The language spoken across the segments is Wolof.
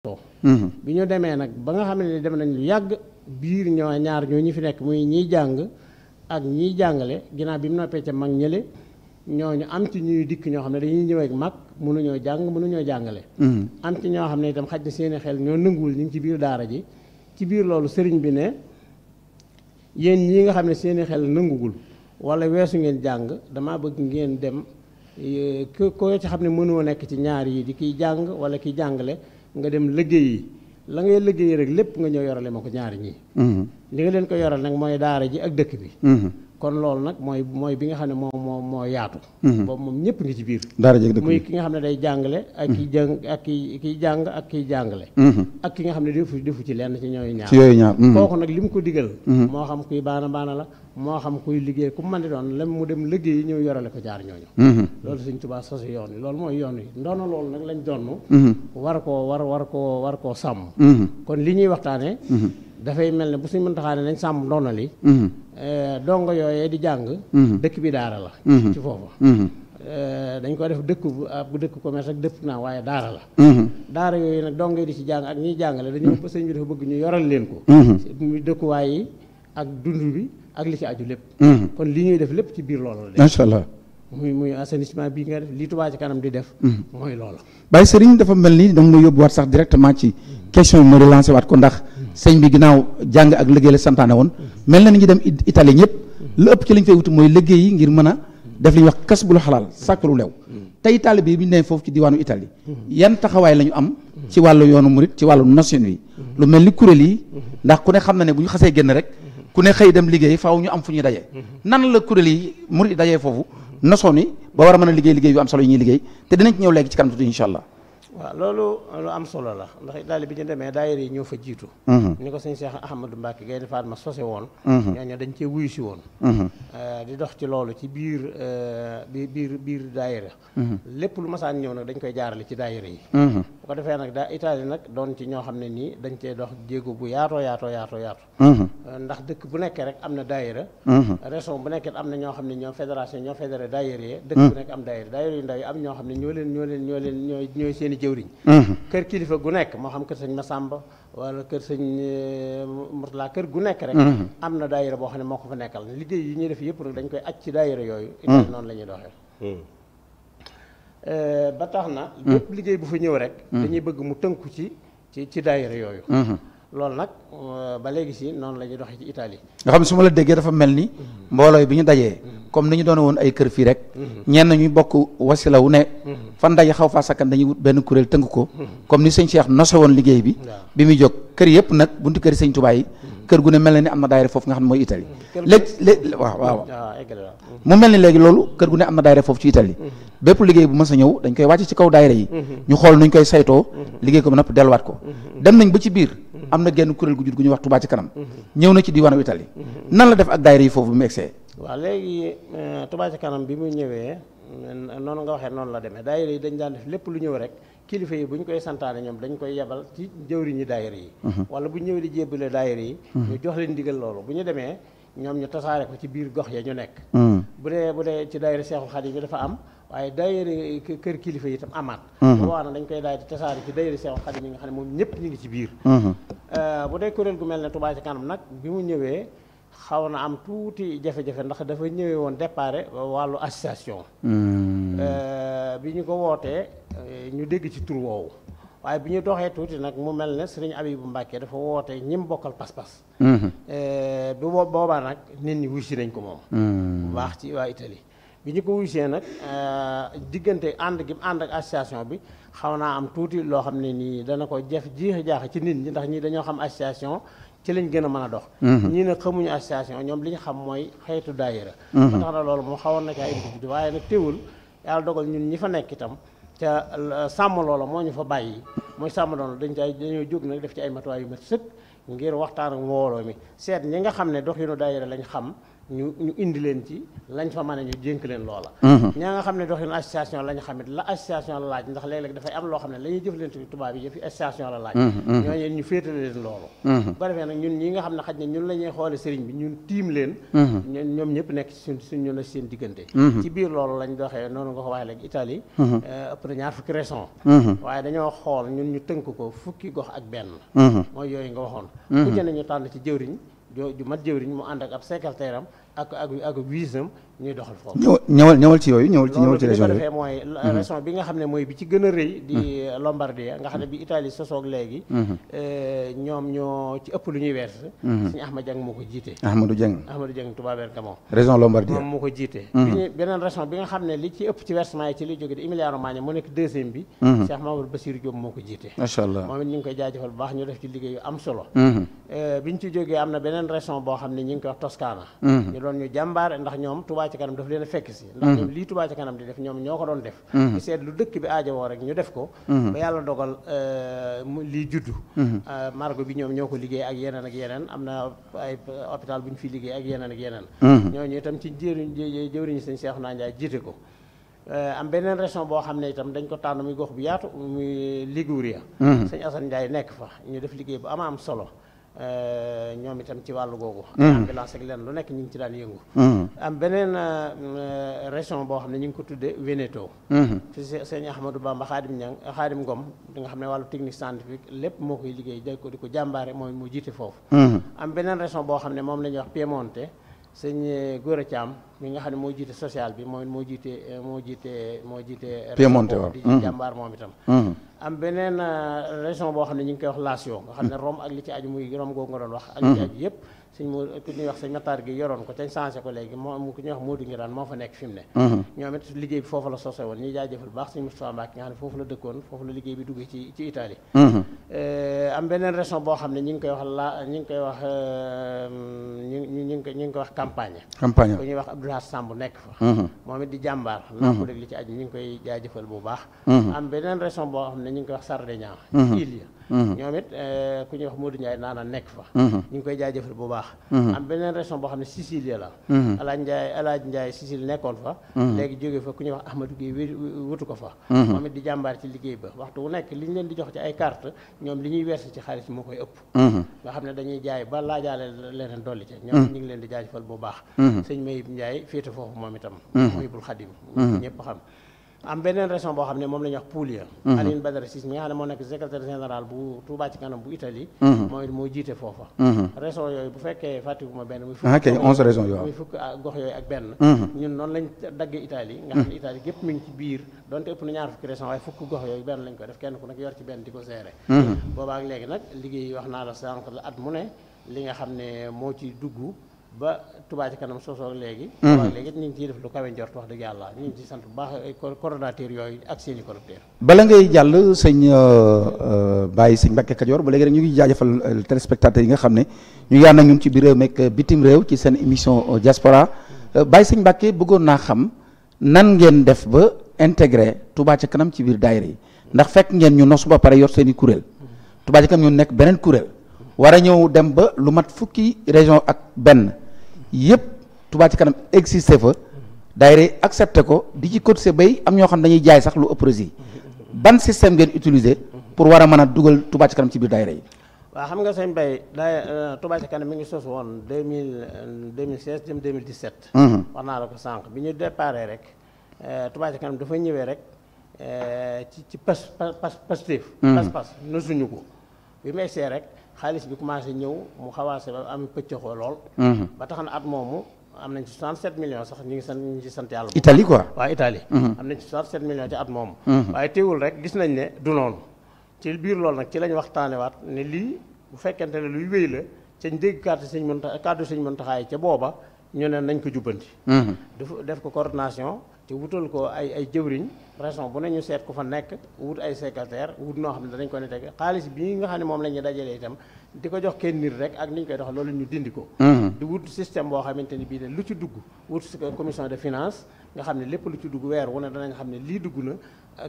Mm-hmm. bi ñu demee nag ba nga xam ne dem nañ lu yàgg biir ñoo ñaar ñoo ñi fi nekk muy ñiy jàng ak ñiy jàngale ginnaaw bi mu noppee ca mag ñële ñooñu am ci ñuy dikk ñoo xam ne dañuy ñëw ak mag mënuñoo jàng mënuñoo jàngale mm-hmm. am ci ñoo xam ne itam xaj na seeni xel ñoo nanguwul ñu ngi ci biir daara ji ci biir loolu sëriñ bi ne yéen ñi nga xam ne seeni xel nanguwul wala weesu ngeen jàng damaa bëgg ngeen dem eh, ko ci xam ne mënoo nekk ci ñaar yi di kiy jàng wala kiy jàngale nga dem liggéeyi la ngay liggéeyi rek lépp nga ñëw yorale ma ko ñaari ñii mhm. li nga leen ko yoral nag mooy daara ji ak dëkk bi mhm. kon loolu nag mooy mooy bi nga xam ne moo moo moo yaatu mhm. boobu moom ñëpp ngi ci biir daara ji ak dëkk bi ki nga xam ne day jàngale ak kiy jàng ak ki kiy jàng ak kiy jàngale ak ki nga xam ne defu defu ci lenn ci ñooyu ñaar ci yooyu ñaar kooku nag li mu ko digal moo xam kuy baana baana la moo xam kuy liggéey ku man di doon lam mu dem liggéey ñëw yorale ko jaar ñooñu mm-hmm. loolu suñ tubaa sosu yoon yi loolu mooy yoon yi ndono loolu nag lañ donn mm-hmm. war koo war war koo war koo sàmm mm-hmm. kon li ñuy waxtaane dafay mel ne bu suñ mën taxaa ne nañ sàmm ndono li eh, dongo yooyee di jàng dëkk bi daara la ci foofa eh, dañ ko def dëkk bu ab ah, dëkk commerce ak dëpp naa waaye daara la daara yooyu nag dong di ci jàng ak ñiy jàngale dañu sëñ bi dafa bëgg ñu yoral leen ko dëkkuwaay yi ak bi ak li ci aju lépp. Hmm. kon li ñuy def lépp ci biir loolu la. macha allah muy muy assainissement bi nga def li Touba ci hmm. dafa mel ni da nga ma yóbbuwaat sax directement ci hmm. question bi ma relancé waat ko ndax sëñ bi ginnaaw jàng ak liggéey la santaane woon mel na ni ñu dem Italie ñëpp lu ëpp ci lañ fay wuti mooy liggéey yi ngir mën a def li ñuy wax kas bu xalaal sàkk lu lew. tey taalibe bi ñu nee foofu ci diwaanu Italie yan taxawaay la am ci wàllu yoonu murit ci wàllu nation yi lu mel ni kuréel yi ndax ku ne xam na ne ku ne xëy dem liggéey faaw ñu am fu ñuy daje. nan la kuréel yi murid dajee foofu. nosoo ni ba war a mën a liggéey liggéey yu am solo yi ñuy liggéey te dinañ ci ñëw léegi ci kanam tuuti incha allah. waaw loolu lu am solo la ndax daali bi ñu demee daayira yi ñoo fa jiitu mhm. ni ko sëñ Cheikh Ahmadou Mbacke Gaynde Fatma sose woon mhm. ñooñu dañ cee wuyu si woon mhm. euh, di dox ci loolu ci biir euh, biir biir daayira lépp lu masaan ñëw nag dañ koy jaarale ci daayira yi bu ko defee nag daa Italie nag doon ci ñoo xam ne nii dañ cee dox jéego bu yaatoo yaatoo yaatoo yaatu euh, ndax dëkk bu nekkee rek am na daayira région bu nekkee am na ñoo xam ne ñoo fédération ñoo fédéré daayira yi dëkk bu nekk am daayira daayira yu ndaw yi am ñoo xam ne jëwriñ mhm. kër kilifa gu nekk moo xam kër sëñ Masamba wala kër sëñ eh, Murtala kër gu nekk rek mhm. am na daayira boo xam ne moo ko fa nekkal liggéey yi ñuy def yëpp nag dañ koy aj ci daayira yooyu mhm. indi noonu la ñuy doxee eh, ba tax na bépp liggéey bu fa ñëw rek dañuy bëgg mu tënku ci ci ci yooyu loolu nag euh, ba léegi si noonu la ñuy doxee ci Italie. nga xam ne su ma la déggee dafa mel ni. mbooloo bi ñu dajee. comme ni ñu doon woon ay kër fii rek. ñenn ñuy bokk wasila ne. fan daje xaw faa sakkan dañuy benn kuréel tënk ko. comme ni sëñ Cheikh nose woon liggéey bi. bi muy jóg kër yëpp nag buntu kër sëñ Tuubaa yi. kër gu ne mel na ni am na daayira foofu nga xam ne mooy Italie. Mm. léegi léegi waaw mm. mu mel ni léegi loolu kër gu ne am na daayira foofu ci Italie. Mm. bépp bu mës a ñëw dañ koy wàcc ci kaw daayira yi. Mm-hmm. ñu xool nuñ koy saytoo. Mm-hmm. liggéey ko am na genn kuréel gu jur gu ñuy wax Touba ci kanam ñëw na ci diwaanu Italie nan la def ak daayira yi foofu bi mu egsee léegi euh, Touba ci kanam bi mu ñëwee noonu nga waxee noonu la demee daayira yi dañ daan def lépp lu ñëw rek kilifa yi bu ñu koy santaane ñoom dañ koy yebal ci jëwriñi daayira yi mhm. wala bu ñëwee di jébbale daayira yi mhm. ñu jox leen ndigal loolu bu ñu demee ñoom ñu tasaare ko ci biir gox ya ñu nekk mhm. bu dee bu dee ci daayira Seexul Xadiim yi dafa am waaye daayere kër kilifa yi itam amaat mhm. boobaa na dañ koy daal di tasaare ci daayere Seex Xaadim yi nga xam ne moom ñëpp ñu ngi ci biir mhm. euh, bu dee kuréel gu mel ne Touba ci kanam nag bi mu ñëwee xaw na am tuuti jafe-jafe ndax dafa ñëwee woon déparé wàllu association mhm. euh, bi ñu ko wootee euh, ñu dégg ci tur woowu waaye bi ñu doxee tuuti nag mu mel ne sëriñ Abibu mbàkkee dafa woote ñim bokkal pas-pas bu boobaa nag nit ñi wuy si nañ ko moom baax ci waa Italie bi ñu ko wuysee nag euh, diggante ànd gi ànd ak association bi xaw naa am tuuti loo xam ne nii dana ko jeex jiix jaax ci nit ñi ndax ñi dañoo xam association ci lañ gën a mën a dox mm-hmm. ñii nag xamuñu association ñoom li ñu xam mooy xeetu daayira mm-hmm. ba tax na xawoon na ci ay waaye nag teewul yàlla dogal ñun ñi fa nekk itam ca euh, sàmm loola moo ñu fa bàyyi mooy sàmm doon dañ cay dañoo jóg nag def ci ay matuwaay yu mat sëkk ngir waxtaan ak mbooloo mi seet ñi nga xam ne dox yu nu daayira lañ xam ñu ñu indi leen ci lañ fa mën a ñu jénk leen loola mhm. ñaa nga xam ne doxinu association lañ xamit la association la laaj ndax léeg-léeg dafay am loo xam ne la ñuy jëflante tubaab yi mhm, mhm. ñu féetale leen loolu ba defee nag ñun ñi nga xam ne xaj na ñun la tiim leen ñoom ñëpp nekk suñ ñu la seen diggante ci biir loolu lañ doxee noonu nga ko waxee léegi Italie eh, ëpp na ñaar fukki région waaye dañoo xool ñun ñu tënk ko fukki gox ak benn mooy yooyu nga waxoon ku ci ñu tànn ci jëwriñ ju mat jëwriñ mu ànd ak ab secrétaire am ak ak ak wisam ñuy doxal foofu a mm-hmm. mm-hmm. mm-hmm. eh, ñoom lu ñuy wees suñu Ahmad Dieng moo ko jiite Ahmadou Dieng Ahmadou Dieng Touba Bergamo région Lombardia moom moo beneen région bi nga xam ne li ci ëpp ci versement yi ci li jóge di Emilia Romagna moo nekk deuxième bi Cheikh Mamadou Bassirou Diop moo ko jiite macha allah moom it ñu ngi koy jaajëfal baax ñu def ci liggéey am solo eh, biñ ci jógee am na beneen région boo xam ne ñu ngi koy wax ñu doon ñu jàmbaar ndax ñoom Touba Touba ci kanam daf leen fekk si ndax ñoom mhm. lii Touba ci kanam di def ñoom ñoo ko doon def mhm. ñu seet lu dëkk bi aajo woo rek ñu def ko mhm. ba yàlla dogal euh, lii juddu euh, margo bi ñoom ñoo ko liggéey ak yeneen ak yeneen am na ay hôpital bu ñu fi liggéey ak yeneen ak yeneen ñu itam ci jëriñ jëwriñu sëñ Cheikh naa Ndiaye jiite ko euh, am beneen région boo xam ne itam dañ ko tànn muy gox bu yaatu muy Liguria sëñ Assane Ndiaye nekk fa ñu def liggéey bu ama am solo Euh, ñoom itam ci wàllu googu. Mm. ambulance ak leen lu nekk ñu ngi ci daan yëngu. Mm. am beneen euh, région boo xam ne ñu ngi ko tuddee Veneto. fi mm-hmm. sëñ Ahmadou Bamba Xaadim Ñang Xaadim Ngom di nga xam ne wàllu technique scientifique lépp moo koy liggéey day ko di ko jàmbaare mooy mu jiite foofu. Mm-hmm. am beneen région boo xam ne moom la ñuy wax Piemonte sëñ euh, Gora Thiam. mi nga xam ne moo jiite social bi mooy moo jiite moo jiite moo jiite. Piemonte waaw di mhm. jàmbaar moom itam. Mhm. am beneen euh, région boo xam ne ñu ngi koy wax Lazio. nga xam ne Rome ak li ci aju muy Rome googu nga doon wax. ak li ci mhm. aju yëpp. suñ mu ku ñuy wax sëñ Matar gi yoroon ko cañ changé ko léegi moom ku ñuy wax Modou Ngiraan moo fa nekk fi mu ne mhm. ñoom it liggéey bi foofu la nga xam ne foofu la dëkkoon foofu la liggéey bi duggee ci Italie mhm. euh, am beneen région boo xam ne ngi koy wax la ñi euh, ngi koy ñu ngi ñi koy wax campagne campagne ku ñuy wax Abdoulaye Samb nekk fa mhm. moom it di jàmbaar naa ko dégg li ci aj ñi ngi koy jaajëfal bu baax am beneen région boo xam ne ñi ngi koy wax Sardaigne ci île Mhm. ñoom it eh, ku ñuy wax Modou Ndiaye naana nekk fa mhm. ñu ngi koy jëfal bu baax mhm. am beneen région boo xam ne Sicile la alaaj Ndiaye alaaj Ndiaye Sicile nekkoon fa léegi jóge fa ku ñuy wax Ahmadou Gueye wutu ko fa moom it di jàmbaar ci liggéey ba waxtu wu nekk li ñu leen di jox ci ay carte ñoom li ñuy weesu ci xaalis moo koy ëpp nga xam ne dañuy jaay ba laajaale leneen dolli ci ñoom ñu ngi leen di jaajëfal bu baax sëñ Mayib njaay féete foofu moom itam Mayibul Xadim ñëpp xam am beneen région boo xam ne moom la ñuy wax Puglia mhm. Aline Badara Sis mi nga xam ne moo nekk secrétaire général bu Touba ci kanam bu Italie mhm. mooy moo jiite foofa mhm. région yooyu bu fekkee fàttiku ma benn muy fukk ah, gox yooyu ak benn ñun noonu lañ daggee Italie nga xam ne Italie gépp mi ngi biir donte ëpp na ñaar fukki région waaye fukk gox yooyu benn lañ ko def kenn ku nekk yor ci benn di ko gérer boobaak léegi nag liggéey wax naa la sànq la at moo ba Touba ci kanam soosoo léegi. Mhm. waaw léegi ñu ngi ciy def lu kawe njort wax dëgg yàlla ñu ngi ciy sant bu baax ay coordonnateur yooyu ak seen bala ngay jàll sañ bàyyi sëñ euh, euh, Mbacke Kajoor ba léegi rek ñu ngi jaajëfal euh, téléspectateurs yi nga xam ne ñu yaan ak ñun ci biir réew meek bitim réew ci seen émission diaspora Baye sëñ Mbacke bëggoon naa xam nan ngeen def ba intégré Touba ci kanam ci biir daayira yi ndax fekk ngeen ñu nosu ba pare yor seen i kuréel Touba ci kanam ñu nekk beneen kuréel war a ñëw dem ba lu mat fukki région ak benn yëpp Touba ci kanam existé fa daayira accepté ko di ci cotiser bay am ñoo xam dañuy jaay sax lu ëpp yi ban système ngeen utilise pour war a mën a dugal Touba ci kanam ci biir daayira yi. waaw xam nga sëñ Baye daay euh, Touba ci kanam mi ngi sos woon deux mille euh, deux mille seize jëm deux mille dix sept. Mhm. wax naa la ko sànq bi ñu déparé rek euh, Touba ci kanam dafa ñëwee rek. ci ci pas pas pas mhm. pas suñu ko bi mu rek xaalis bi commencé ñëw mu xawaase ba am pëccëxoo lool. Mhm. ba tax na at moomu am nañ ci 67 millions sax ñu ngi sant ñu sant yàlla. Italie quoi waaw Italie. Mhm. am nañ ci 67 millions ci at moomu. Mhm. waaye teewul rek gis nañ ne du noonu. ci biir loolu nag ci lañ waat ne lii bu fekkente ne luy wéy la ca ñu dégg kàddu sëñ Muntaxa kàddu sëñ Muntaxa yi ca booba ñu ne nañ ko jubbanti. def ko coordination. te wutal ko ay ay jëwriñ région bu ne ñu seet ku fa nekk wut ay secrétaire wut noo xam ne danañ ko ne teg xaalis bii nga xam ne moom la ñuy dajalee itam di ko jox kenn nit rek ak ni ñu koy dox loolu ñu dindi ko. Mhm. di wut système boo xamante ni bii de lu ci dugg wut commission de finance nga xam ne lépp lu ci dugg weer wu ne danañ xam ne lii dugg na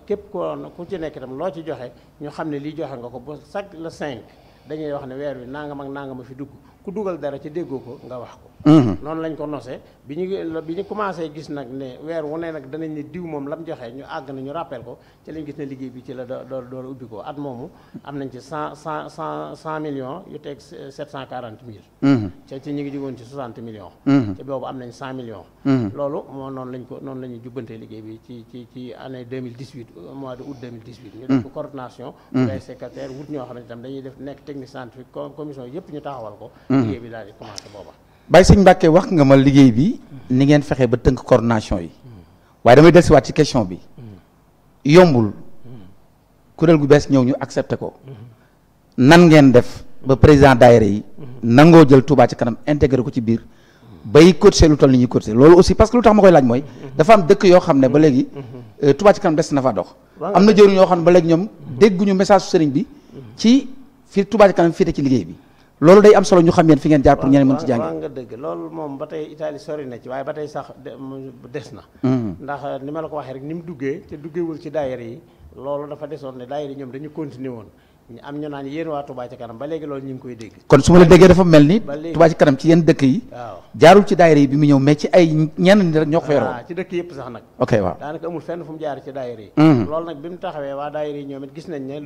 képp ko ku ci nekk itam loo ci joxe ñu xam ne lii joxe nga ko ba chaque la 5 dañuy wax ne weer wi nangam ak nangam a fi dugg. ku dugal dara ci déggoo ko nga wax ko mhm. noonu lañ ko nosee bi ñu bi gis nag ne weer wu ne nag danañ diw moom lam joxee ñu àgg na ñu rappel ko ci lañ gis ne liggéey bi ci la doo ubbi ko at moomu am nañ ci cent yu teg sept cent quarante mhm. ci mhm. boobu am nañ cent millions loolu moo noonu lañ ko noonu la ñu liggéey bi ci ci ci année 2018 mois de août 2018 ñu def ko coordination ay secrétaire wut ñoo xam ne itam Mhm. liggéey bi daal di wax nga ma liggéey bi mhm. ni ngeen fexe ba tënk coordination yi mhm. waaye damay dellusiwaat ci question bi yombul kuréel gu bees ñëw ñu accepté ko nan ngeen def ba président daayira yi nangoo jël Touba ci kanam intégré ko ci biir bay cotisé lu toll ni ñuy cotisé loolu aussi parce que lu tax ma koy laaj mooy dafa am dëkk yoo xam ne ba léegi euh, Touba ci kanam des na faa dox am na jëriñ xam ne ba léegi ñoom dégguñu message sëriñ bi ci fii Touba loolu day am solo ñu xam yéen fi ngeen jaar pour ñeneen mën ci jàngi waaw loolu moom ba tey Italie sori na ci waaye ba tey sax des na mm-hmm. ndax ni ma la ko waxee rek ni mu duggee te duggewul ci daayira yi loolu dafa desoon ne daayira ñoom dañu continuer woon ñu am ñu naan yéen waa Touba ci kanam ba léegi loolu ñu ngi koy dégg. kon su ma la déggee dafa mel ni. Touba ci kanam ci yenn dëkk yi. jaarul ci daayira bi mu ñëw mais ci ay ñenn ñi rek ñoo ko yoroon. Ah, ci dëkk mm-hmm. bi mu taxawee waa daayira yi ñoom it yi ñoom mm-hmm. ñu xam ne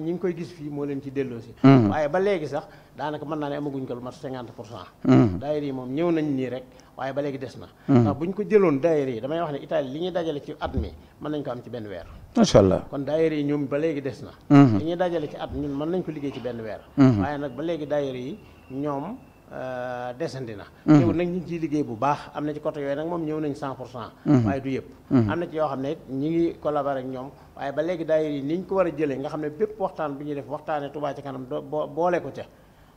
ñi ngi koy gis fii moo leen ci delloo si. Mm-hmm. waaye ba léegi sax daanaka mën naa ne amaguñ ko lu mat 50 nii rek waaye ba léegi des na. Hmm. ndax bu ñu ko jëloon daayira yi damay wax ne Italie li ñuy dajale ci at mi mën nañ ko am ci benn weer. macha allah kon daayira yi ñoom ba léegi des na. Hmm. li ñuy dajale ci at ñun mën nañ ko liggéey ci benn weer. Hmm. waaye nag ba léegi daayira yi ñoom euh, desandi na. ñëw nag ñu ngi liggéey bu baax am na ci côté yooyu nag moom ñëw nañ cent pour cent. waaye du yëpp. am na ci yoo xam ne ñi ngi collaborer ñoom waaye ba léegi daayira yi ni ñu ko war a jëlee nga xam ne bépp waxtaan bi ñuy def waxtaanee Touba ci kanam boole ko ca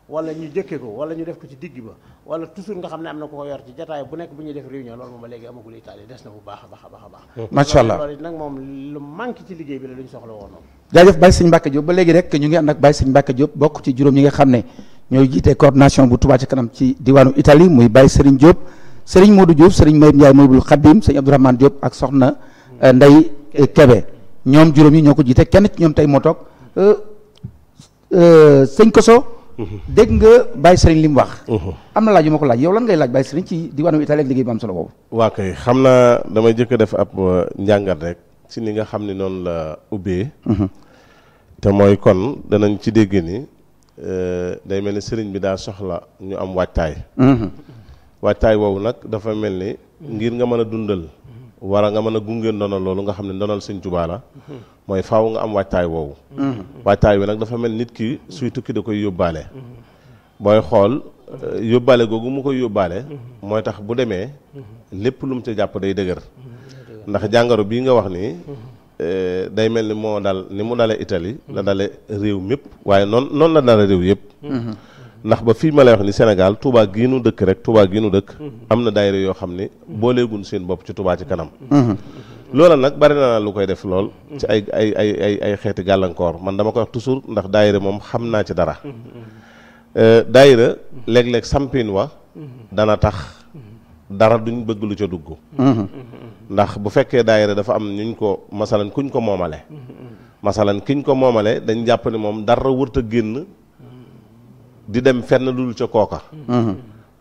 wala ñu jëkke ko wala ñu def ko ci digg ba wala toujours nga xam ne am na ku ko yor ci jataay bu nekk bu ñuy def réunion loolu moom a léegi amagul Italie des na bu baax a baax a baax a baax macha allah loolu nag a lu manque ci liggéey bi la lu ñu soxla woon moom jaajëf Baye Sëñ Mbacke Diop ba léegi rek ñu ngi ànd ak Baye Sëñ a Diop bokk ci juróom ñi nga xam ne ñooy jiite coordination bu Touba ci kanam ci diwaanu Italie muy Baye Serigne Diop Serigne Modou Diop Serigne Mayib Ndiaye Maybul Khadim Serigne Abdourahmane Diop euh, ñoom juróom yi ñoo ko jiite kenn ci tey moo toog euh, euh, sëñ dégg nga Baye Serigne li mu wax. Mhm. am na laaj yu ma ko laaj yow lan ngay laaj Baye Serigne ci diwaanu Italie ak liggéey bu am solo boobu. waa kay xam naa damay jëkk def ab euh, njàngat rek ci ni nga xam ne noonu la ubbee. Mhm. te mooy kon danañ ci dégg ni euh, day mel ni sëriñ bi daa soxla ñu am waajtaay. Mhm. waajtaay woowu nag dafa mel ni ngir nga mën a dundal. wara nga mën a gunge ndonal loolu nga xam ne ndonal Sëñ Tuubaa la mooy faaw nga am waajtaay woowu mm-hmm. waajtaay wi nag dafa mel nit ki suy tukki da koy yóbbaale mm-hmm. booy xool eh, yóbbaale googu mu koy yóbbaale mm-hmm. mooy tax bu demee lépp lu mu ca jàpp day dëgër ndax jàngoro bii nga wax nii eh, day mel ni moo dal ni mu dale Italie la dale réew mépp waaye noon noonu la dale réew yëpp ndax ba fii ma lay wax ni senegal Touba gii dëkk rek Touba gii dëkk am na daayira yoo xam ni booleegun seen bopp ci Touba ci kanam loola nag bari na lu koy def lool. ci ay ay ay ay ay xeeti gàllankoor man dama koy wax toujours ndax daayira moom xam naa ci dara. Euh, daayira léeg-léeg sampin wa dana tax dara duñ bëgg lu ca dugg. ndax bu fekkee daayire dafa am ñuñ ko masalan kuñ ko moomale. masalan kiñ ko moomale dañ jàpp ne moom dara wërta génn di dem fenn lu dul ca kooka.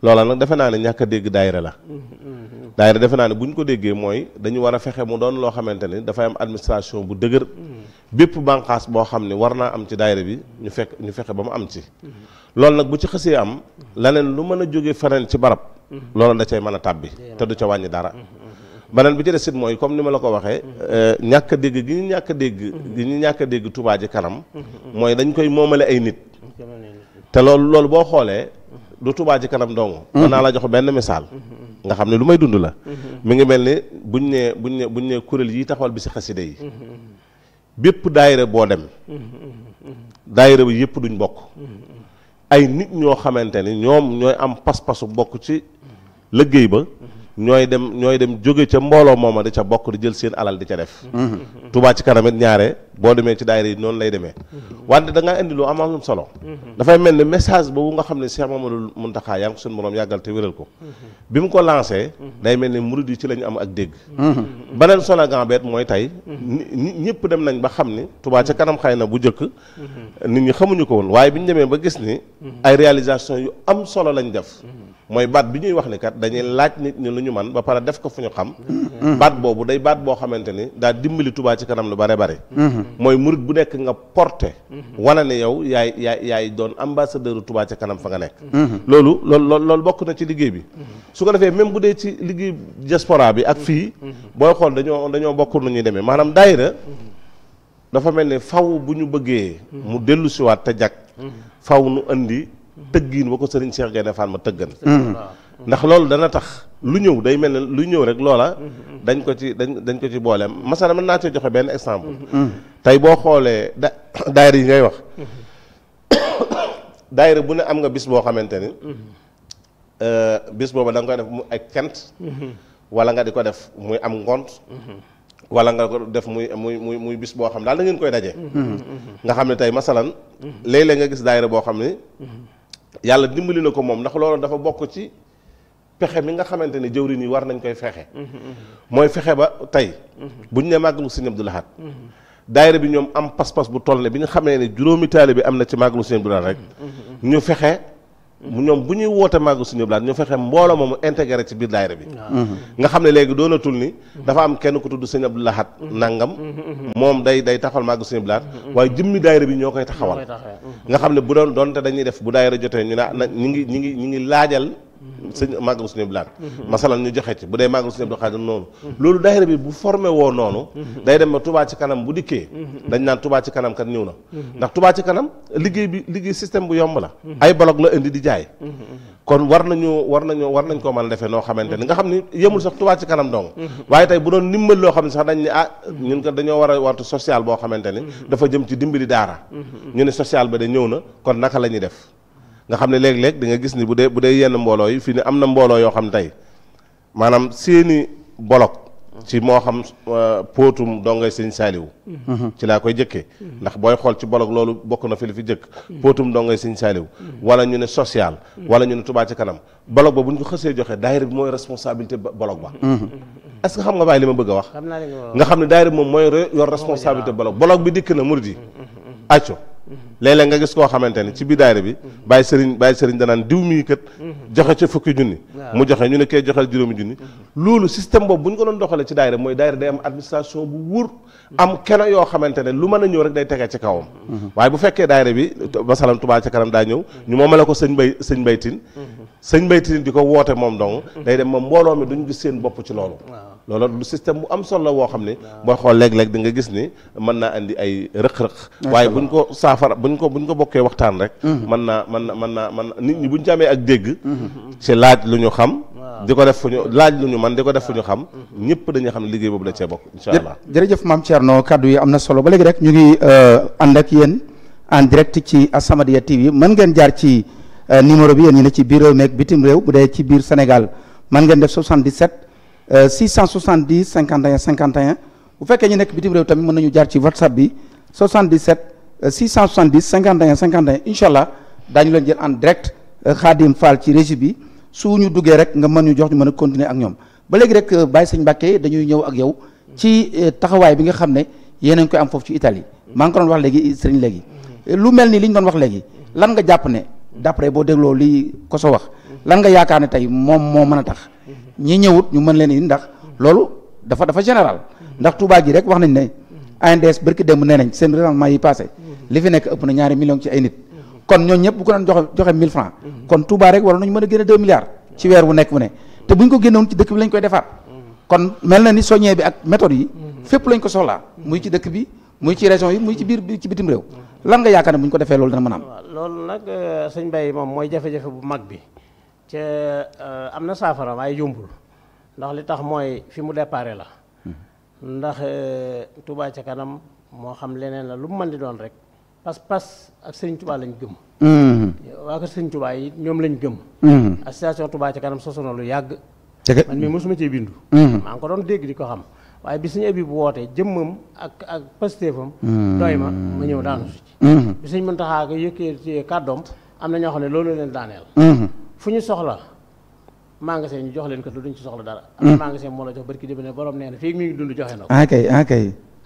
loola nag defe naa ne ñàkk dégg daayira la mm-hmm, mm-hmm. daayira defe naa ne bu ñu ko déggee mooy dañu war a fexe mu doon loo xamante ni dafay am administration bu dëgër mm-hmm. bépp banqaas boo xam ne war naa am ci daayira bi ñu fekk ñu fexe ba mu am ci loolu nag bu ci xësee am leneen lu mën a jóge feneen ci barab loolu da cay mën a tàbbi te du ca wàññi dara beneen bi ci des mooy comme ni ma la ko waxee euh, ñàkk dégg gi ñu ñàkk a dégg gi ñu ñàkk dégg Touba ji kanam mooy dañ koy moomale ay nit te loolu loolu boo xoolee lu Touba ci kanam dong. mën mm-hmm. naa la jox benn misaal. Mm-hmm. nga xam ne lu may dund la. Mm-hmm. mi ngi mel ni buñ nee buñ nee buñ nee kuréel yi taxawal bi si xaside yi. bépp daayira boo dem. daayira bi yëpp duñ bokk. ay nit ñoo xamante ni ñoom ñooy am pas-pasu bokk ci liggéey ba. ñooy dem ñooy dem jóge ca mbooloo mooma di ca bokk di jël seen alal di ca def mm-hmm. Touba ci kanam it ñaare boo demee ci daayira yi noonu lay demee mm-hmm. wante da ngaa indi lu am solo mm-hmm. dafay mel ni message boobu nga xam ne Cheikh Mamadou Mountakha yaa ngi ko suñu borom yàggal te wéral bi mu ko lancé day mel ni murid yi ci la ñu am dégg beneen slogan beet mooy tey ñëpp dem nañ ba xam ni Touba ca kanam xëy na bu jëkk nit ñi xamuñu ko woon waaye bi ñu demee ba gis ni ay réalisation yu am solo lañ def mooy baat bi ñuy wax ni kat dañuy laaj nit ñi lu ñu man ba pare def ko fu ñu xam baat boobu day baat boo xamante ni daa dimbali tubaa ci kanam lu bare bare mooy murit bu nekk nga porte wane ne yow yaay yaay yaay doon ambassadeur tubaa ci kanam fa nga nekk loolu loolu lool bokk na ci liggéey bi su ko defee même bu dee ci liggéey diaspora bi ak fii booy xool dañoo dañoo bokkul nu ñuy demee maanaam daayira dafa mel ne faw bu ñu bëggee mu dellu siwaat te jag faw nu andi tëggiin wa ko sëriñ Cheikh Gaynde Fatma tëggan mm. ndax loolu dana tax lu ñëw day mel ne lu ñëw rek loola dañ ko ci dañ dañ ko ci booleem masala mën naa cee joxe benn exemple mm. tey boo xoolee da daayira yi ngay wax mm-hmm. daayira bu ne am nga bis boo xamante ni mm-hmm. euh, bis boobu da nga koy def mu ay kent mm-hmm. wala nga di ko def muy am ngont wala nga ko def muy muy muy muy bis boo xam daal da ngeen koy daje. nga xam ne tey masalan léeg nga gis daayira boo xam ni yàlla dimbali na ko moom ndax loolu dafa bokk ci pexe mi nga xamante ne jëwriñ yi war nañ koy fexe. Mm-hmm, mm-hmm. mooy fexe ba tey. Mm-hmm. bu ñu nee màggalu sëñ Abdou Lahad. daayira bi ñoom am pas-pas bu toll ne bi nga xamee ne juróomi taalibe bi am na ci màggalu sëñ Abdou Lahad rek. ñu fexe. mu ñoom bu ñuy woote màgg suñu blaat ñu fexe mbooloo moomu intégré ci biir daayira bi nga xam ne léegi doonatul ni dafa am kenn ku tuddu sëñ Abdou Lahad nangam moom day day taxawal màgg suñu blaat waaye jëmmi daayira bi ñoo koy taxawal nga xam ne bu doon doonte dañuy def bu daayira jotee ñu ne na ñi ngi ñi ngi ñi ngi laajal sëñ màggal suñu bilaan masalan ñu joxe ci bu dee màggal suñu Abdou Khadir noonu loolu daayira bi bu formé woo noonu day dem ba Touba ci kanam bu dikkee dañ naan Touba ci kanam kat ñëw na ndax Touba ci kanam liggéey bi liggéey système bu yomb la ay la indi di jaay kon war nañu war nañu war nañ koo mën a defee noo xamante ni nga xam ni yemul sax Touba ci kanam dong waaye tey bu doon ndimbal loo xam ne sax dañ ne ah ñun kat dañoo war a wartu social boo xamante ni dafa jëm ci dimbali daara ñu ne social ba de ñëw na kon naka la ñuy def nga xam ne léeg-léeg di nga gis ni bu dee bu dee yenn mbooloo fi fii ni am na mbooloo yoo xam ne tey maanaam seeni bolok ci moo xam euh, póotum dongay sëñ saaliwu mm-hmm. ci laa koy jëkkee mm-hmm. ndax booy xool ci bolog loolu bokk na fi li fi jëkk mm-hmm. póotum dongay sëñ saaliwu wala ñu ne social wala ñu ne Touba ci kanam bolog ba bu ñu ko xësee joxe daayira bi mooy responsabilité bolog ba est-ce que xam nga bàyyi li ma bëgg a wax nga xam ne daayira bi moom mooy yor responsabilité bi dikk na murid yi léeg-léeg nga gis koo xamante ni ci biir daayira bi bàyyi sëriñ bàyyi sëriñ danaan diw mii kat joxe ca fukki junni mu joxe ñu ne koy joxeel juróomi junni loolu système boobu bu ñu ko doon doxalee ci daayira mooy daayira day am administration bu wóor am keno yoo xamante ne lu mën a ñëw rek day tegee ci kawam waaye bu fekkee daayira bi masalan Touba ci kanam daa ñëw ñu moomale ko sëñ mbay sëñ mbaytin sëñ mbaytin di ko woote moom dong day dem moom mbooloo mi duñ gis seen bopp ci loolu looloo lu système bu am solo la woo xam ne booy xool leg léeg di nga gis ni mën naa indi ay rëq-rëq waaye buñ ko saafara buñ ko buñ ko bokkee waxtaan rek man mm-hmm. naa mën mën naa man nit ñi buñ ci ak dégg mm-hmm. ci laaj lu ñu xam di ko def fu ñu laaj lu ñu man di ko def fu ñu xam mm-hmm. ñëpp dañuy xam ne liggéey boobu la cee bokk incha allah jërëjëf maam Thierno kaddu yi am na solo ba léegi rek ñu ngi euh, ànd ak yéen en direct ci As-Samadiyya TV mën ngeen jaar ci euh, numéro bi yen ñu ne ci biir réew meeg bitim réew dee ci biir Sénégal mën ngeen def 77 670 51 51 bu fekkee ñu nekk bitim réew tamit mën nañu jaar ci whatsapp bi 77 670 51 51 incha allah daañu leen jël en direct euh, Khadim Fall ci régie bi su ñu duggee rek nga mën ñu jox ñu mën a continuer ak ñoom ba léegi rek euh, Baye Sëñ Mbacke dañuy ñëw ak yow ci euh, taxawaay bi nga xam ne yéen a ngi koy am foofu ci Italie maa ngi ko doon wax léegi sëriñ léegi lu mel ni li ñu doon wax léegi lan nga jàpp ne d'après moo mën a ñi ñëwut ñu mën leen indi ndax loolu dafa dafa général ndax Touba ji rek wax nañ ne ANDS barki démb nee nañ seen rendement yi passé li fi nekk ëpp na ñaari ko doon joxe joxe 1000 francs kon mën a génne 2 milliards ci weer wu nekk wu ne te buñ ko génnoon ci dëkk bi lañ koy defaat kon mel na ni soññee bi ak méthode yi fépp lañ ko soxlaa muy ci dëkk bi muy ci région yi muy ci biir ci bitim réew lan nga yaakaar ne bu ñu ko defee loolu dana mën a am. loolu nag euh, sëñ Baye moom mooy jafe bu mag te euh, am na saafara waaye yombul ndax li tax mooy fi mu déparé la hmm. ndax euh, tubaa ca kanam moo xam leneen la lu mu mën di doon rek pas-pas ak Sëriñ Touba lañ gëm hmm. waa ko Sëriñ Touba yi ñoom lañ gëm hmm. association tubaa ca kanam sosono lu yàgg man mii mosuma cee bindu maa ngi ko doon dégg di ko xam waaye bi suñ abi bu wootee jëmmam ak ak pastéefam doy ma ma ñëw daanu su ci bi suñ mën taxaa ko yëkkee kàddoom am na ñoo xam ne loolu leen daaneel fu ñu soxla magasin ñu jox leen ko duñ ci soxla dara. Mm. am magasin la jox barki dem ne borom nee na fii mi ngi dund joxe na ko. Ah, ah,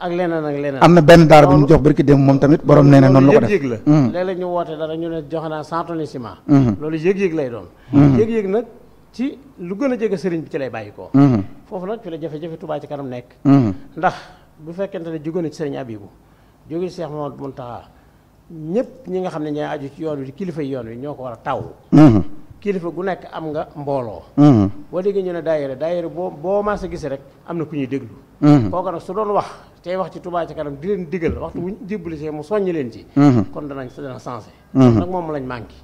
ak leneen ak leneen. am na benn daara bu ñu jox barki dem moom tamit borom nee na noonu la ko def yëg-yëg la. Mm. léeg-léeg ñu woote dara ñu ne joxe naa cent mm-hmm. loolu yëg-yëg lay doon. Mm-hmm. yëg-yëg nag ci lu gën a jege sëriñ bi ci lay bàyyi ko. Mm-hmm. foofu nag fi la jafe-jafe Touba ci kanam nekk. ndax bu fekkente ne jóge na ci sëriñ Abibu jóge ci Cheikh Mamadou Mountakha ñëpp ñi nga xam ne ñooy aju ci yoon kilifa yoon wi ñoo ko war a taw kilifa gu nekk am nga mbooloo. Mm-hmm. boo déggee ñu ne daayira daayira boo boo maas a gisee rek am na ku ñuy déglu. Mm-hmm. kooku nag su doon wax tey wax ci Touba ci kanam di leen digal waxtu bu ñu jébbalee mu soññ leen ci. Mm-hmm. kon danañ dana sensé. nag moom lañ manqué.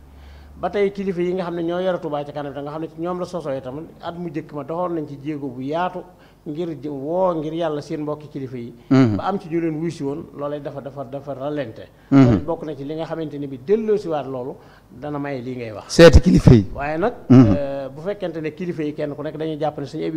ba tey kilifa yi nga xam ne ñoo yore ci kanam te nga xam ne ñoom la sosoo itam at mu njëkk ma doxoon nañ ci jéego bu yaatu. ngir woo ngir yàlla seen mbokki kilifa yi ba am ci ñu leen wuy si woon loolay dafa dafa dafa ralente bokk nañ ci li nga xamante ni bi delloo si waat loolu dana may lii ngay wax. seeti kilifa yi. waaye nag. Hmm. Euh, bu fekkente ne kilifa yi kenn ku nekk dañuy jàpp ne suñu a a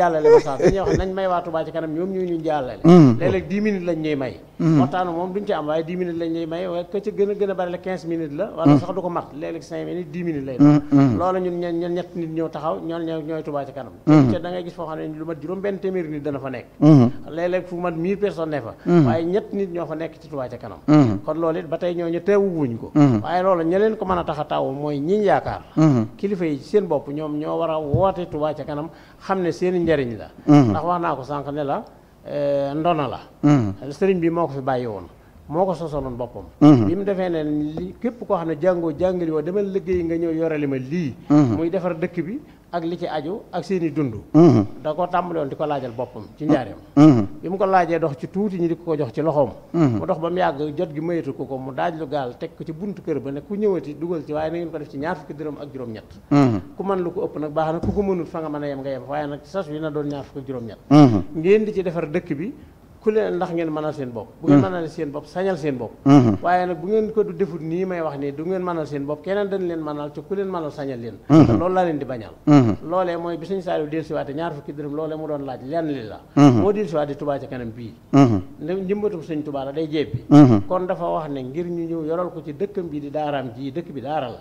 jàllale ba sax dañuy wax nañ may waa Touba ci kanam ñoom ñu ñu jàllale hmm. léeg-léeg dix ñuy may hmm. waxtaanu moom duñ ci am waaye dix minutes ñuy may waaye ko ci gën a gën a bari la quinze minutes la wala sax du ko mat léeg-léeg cinq minutes dix minutes lay doon mm, mm. loolu ñun ñen ñen ñett nit ñëw taxaw ñoo ñooy Touba ci kanam mm. te da gis foo ne lu mat juróom benn téeméeri nit dana fa nekk léeg-léeg fu mat mille personnes ne fa waaye ñett nit ñoo fa nekk ci Touba ci kanam kon loolu it ba tey ñooñu teewu wuñ ko waaye loolu ña leen ko mën a tax a taw mooy ñiñ yaakaar kilifa yi seen bopp ñoom ñoo war a woote Touba ci kanam xam ne seen njariñ la ndax wax naa ko sànq ne la eh, ndona la sëriñ bi moo ko fi bàyyi woon moo ko sosaloon boppam mhm. bi mu defee ne li képp koo xam ne jàngoo jàngali woo demal liggéey nga ñëw yorali ma lii mhm. muy defar dëkk bi ak li ci aju ak seen i dund mhm. da ko tàmbaloon di ko laajal boppam ci njaareem bi mu ko laajee dox ci tuuti ñi di ko jox ci loxoom mu dox ba mu yàgg jot gi mayatu ko ko mu daaj lu gaal teg ko ci buntu kër ba ne ku ñëwati dugal ci waaye na ko def ci ñaar fukki dërëm ak juróom-ñett ku mën lu ko ëpp nag baax na ku ko mënut fa nga mën a yem nga yem waaye na doon ñaar fukki juróom-ñett ngeen di ci dëkk bi ku leen ndax ngeen mënal seen bopp bu ngeen hmm. mënal seen bopp sañal seen bopp hmm. waaye nag bu ngeen ko du defut nii may wax nii du ngeen mënal seen bopp keneen dañ leen mënal ci ku leen mënal sañal leen hmm. loolu la leen di bañal loolee mooy bi suñu saaliw del siwaate ñaar fukki dërëm loolee mu doon laaj lenn li la moo del siwaate tubaa ca kanam bii njëmbatum sëñ tubaa la day jebbi kon dafa wax ne ngir ñu ñëw yoral ko ci dëkkam bi di daaraam ji dëkk bi daara la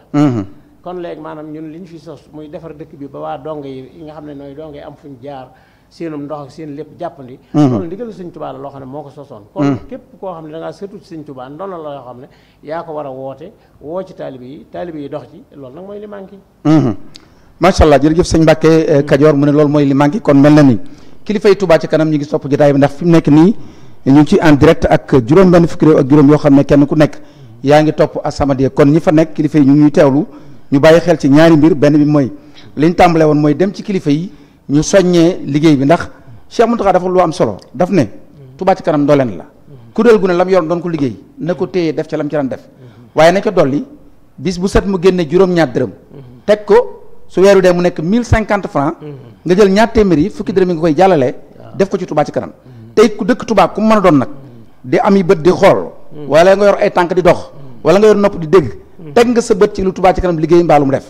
kon léegi maanaam ñun fi sos muy defar dëkk bi ba waa nga xam ne nooy dong yi am fuñ seenum ndox ak seen lépp jàppandi mhm. loolu ndigal sëñ tubaa la loo xam ne moo ko sosoon kon mhm. képp koo xam ne da ngaa sëtu sëñ tubaa ndono la yoo xam ne yaa ko war a woote woo ci taalibe yi taalibe yi dox ci loolu nag mooy li manqué mhm. macha allah jërëjëf sëñ Mbàkke eh, Kajoor mu ne loolu mooy li manqué kon mel na ni kilifay tubaa ci kanam ñu ngi sopp bi ndax fi mu nekk nii ñu ngi ci en direct ak juróom benn fukki ak juróom yoo xam ne kenn ku nekk yaa ngi topp As-Samadiyya kon ñi fa nekk kilifa yi ñu ñuy teewlu ñu bàyyi xel ci ñaari mbir benn bi mooy liñ tàmbale woon mooy dem ci kilifa yi ñu soññee liggéey bi ndax Cheikh Mountakha dafa lu am solo daf ne Touba ci kanam ndooleen la kuréel gu ne lam yoroon doon ko liggéey na ko téye def ca lam ci daan def waaye nañ ko dolli bis bu set mu génne juróom-ñaar dërëm teg ko su weeru dee mu nekk mille cinquante francs nga jël ñaar téeméer yi fukki dërëm yi nga koy jàllale def ko ci Touba ci kanam tey ku dëkk Touba ku mën a doon nag di am yi bët di xool wala nga yor ay tànk di dox wala nga yor nopp di dégg teg nga sa bët ci lu Touba ci kanam liggéey mbaalum def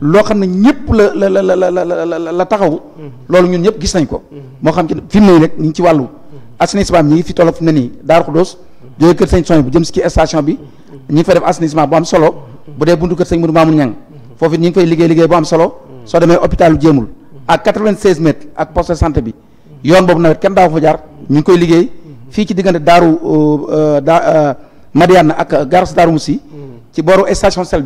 loo xam ne ñëpp la la la la la taxawu mm-hmm. loolu ñun ñëpp gis nañ ko mm-hmm. moo xam ci fi rek ñu ngi ci wàllu mm-hmm. assainissement bi ñu ngi fi tollof ne nii Daaru Xudoos jógee kër sëñ Soñ bu jëm si ci bi ñu ngi fa def assainissement bu am solo bu dee buntu kër sëñ Mudu Maamun Ñang foofu ñu ngi fay liggéey liggéey bu am solo soo demee hôpitalu jéemul ak quatre ak poste de santé bi yoon boobu nawet kenn daaw fa jaar ñu ngi koy liggéey fii ci diggante euh, euh, da euh, Madiane ak garage Daaru Moussi ci booru station sel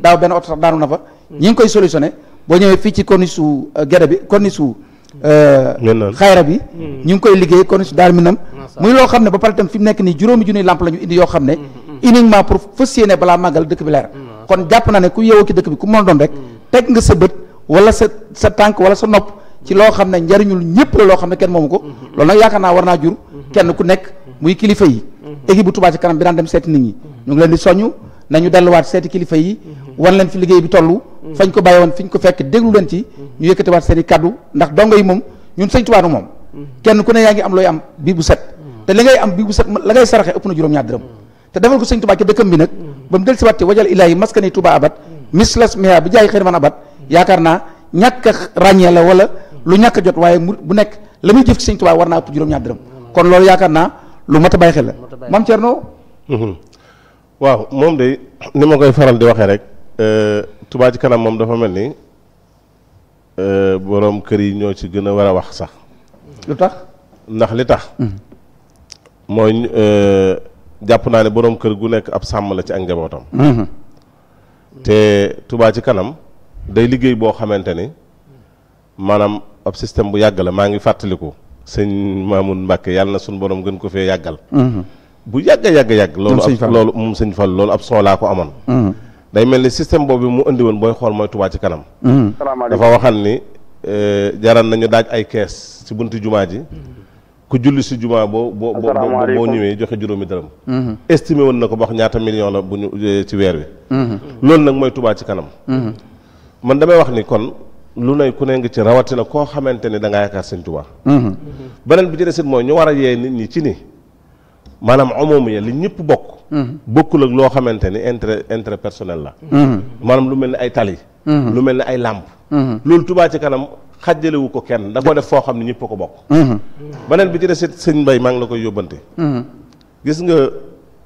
daaw benn oto sax daanu na fa. ñi ngi koy solutionné boo ñëwee fii ci corniche su euh, Guède bi corniche su. xayra euh, bi hmm. ñu ngi koy liggéey corniche su Darou Minam muy loo xam ne ba pare itam fi mu nekk nii juróomi junniy lamp la ñu indi yoo xam ne. Hmm, hmm, uniquement pour fas yéene balaa màggal dëkk bi leer. kon jàpp naa ne ku yeewoo ci dëkk bi ku mën doon rek. teg nga sa bët wala sa sa tànk wala sa nopp. ci loo xam ne njariñul ñëpp la loo xam ne kenn moomu ko. loolu nag yaakaar naa war naa jur. kenn ku nekk muy kilifa yi. équipe bu Touba ci kanam bi nañu delluwaat seeti kilifa yi wan leen fi liggéey bi toll fañ ko bàyyi woon fi ñu ko fekk déglu leen ci ñu yëkkatiwaat seen i kaddu ndax dongo yi moom ñun sëñ Tuubaa moom kenn ku ne yaa la ngay saraxe ëpp na bi jaay xëy man yaakaar naa ñàkk a ràññee la wala lu ñàkk a jot waaye mu bu nekk la muy jëf ci sëñ Tuubaa war naa ëpp juróom-ñaar dërëm kon loolu yaakaar naa lu mat a xel la maam Cerno waaw moom de ni ma koy faral di waxee rek euh, tubaa ci kanam moom dafa mel ni euh, boroom kër yi ñoo ci gën a war a wax sax. lu tax ndax li tax. Mm-hmm. mooy euh, jàpp naa ne boroom kër gu nekk ab sàmm la ci ak njabootam. Mm-hmm. te tubaa ci kanam day liggéey boo xamante ni maanaam ab système bu yàgg la maa ngi fàttaliku sëñ Mamoun Mbacke yàlla na suñu boroom gën ko fee yàggal. Mm-hmm. bu yàgg a yàgg yàgg. loolu ab loolu moom sëñ Fall loolu ab son laa ko amoon. Mm-hmm. day mel ni système boobu mu indi woon booy xool mooy Touba ci kanam. Mm-hmm. dafa waxan ni eh, jaran nañu daaj ay kees ci buntu jumaa ji. Mm-hmm. ku julli si jumaa boo boo boo boo ñëwee joxe juróomi dërëm. estimé woon na ko ba wax ñaata million la bu ñu eh, ci weer wi. loolu nag mooy Touba ci kanam. man damay wax ni kon lu nay ku ne ngi ci rawatina koo xamante ni danga ngaa yaakaar sëñ Touba. beneen bi ci desit mooy ñu war a yee nit ñi ci ni. maanaam amoom ya li ñëpp bokk hmm. bokkul ak loo xamante ni intérêt intérêt personnel la hmm. maanaam lu mel ni ay tali hmm. lu mel ni ay làmp loolu tubaa ci kanam xajalewu ko kenn ndax ko def foo xam ne ñëpp ko bokk beneen bi ci des sëñ Mbay maa ngi la koy yóbbante gis nga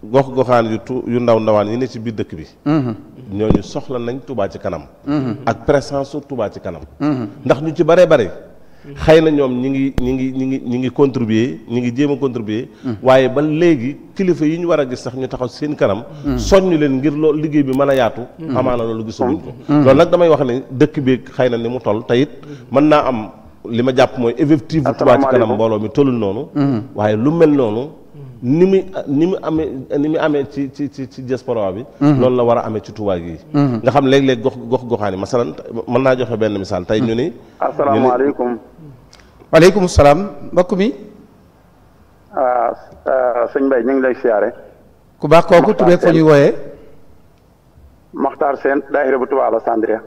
gox goxaan yu tu yu ndaw ndawaan yi ne ci biir dëkk bi ñooñu soxla nañ tubaa ci kanam ak présence su Touba ci kanam ndax ñu ci bare bare xëy na ñoom ñi ngi ñi ngi ñi ngi ñi ngi contribuer ñi ngi jéem a contribuer mm. waaye ba léegi kilifa yi ñu war a gis sax ñu taxaw seen kanam mm. soññ leen ngir loolu liggéey bi ma a yaatu mm. amaana loolu gisaguñ ko loolu nag damay wax ne dëkk bi xëy na ni mu toll te man naa am li ma jàpp mooy effectif bu Touba Ca mbooloo mi tollul noonu waaye lu mel noonu ni mu ni mu amee ni mu amee ci ci ci ci diaspora bi loolu la war a amee ci Touba gi nga xam léeg-léeg gox gox goxaan yi masalan mën naa joxe benn misaal tey ñu ni asalaamaaleykum waaleykum salaam mbokk mi. Ah, ah, sëñ Mbaye ñu ngi lay siyaare. ku baax kooku tuddee fa ñuy wooyee. Makhtar Sène daayira bu Touba Alessandria.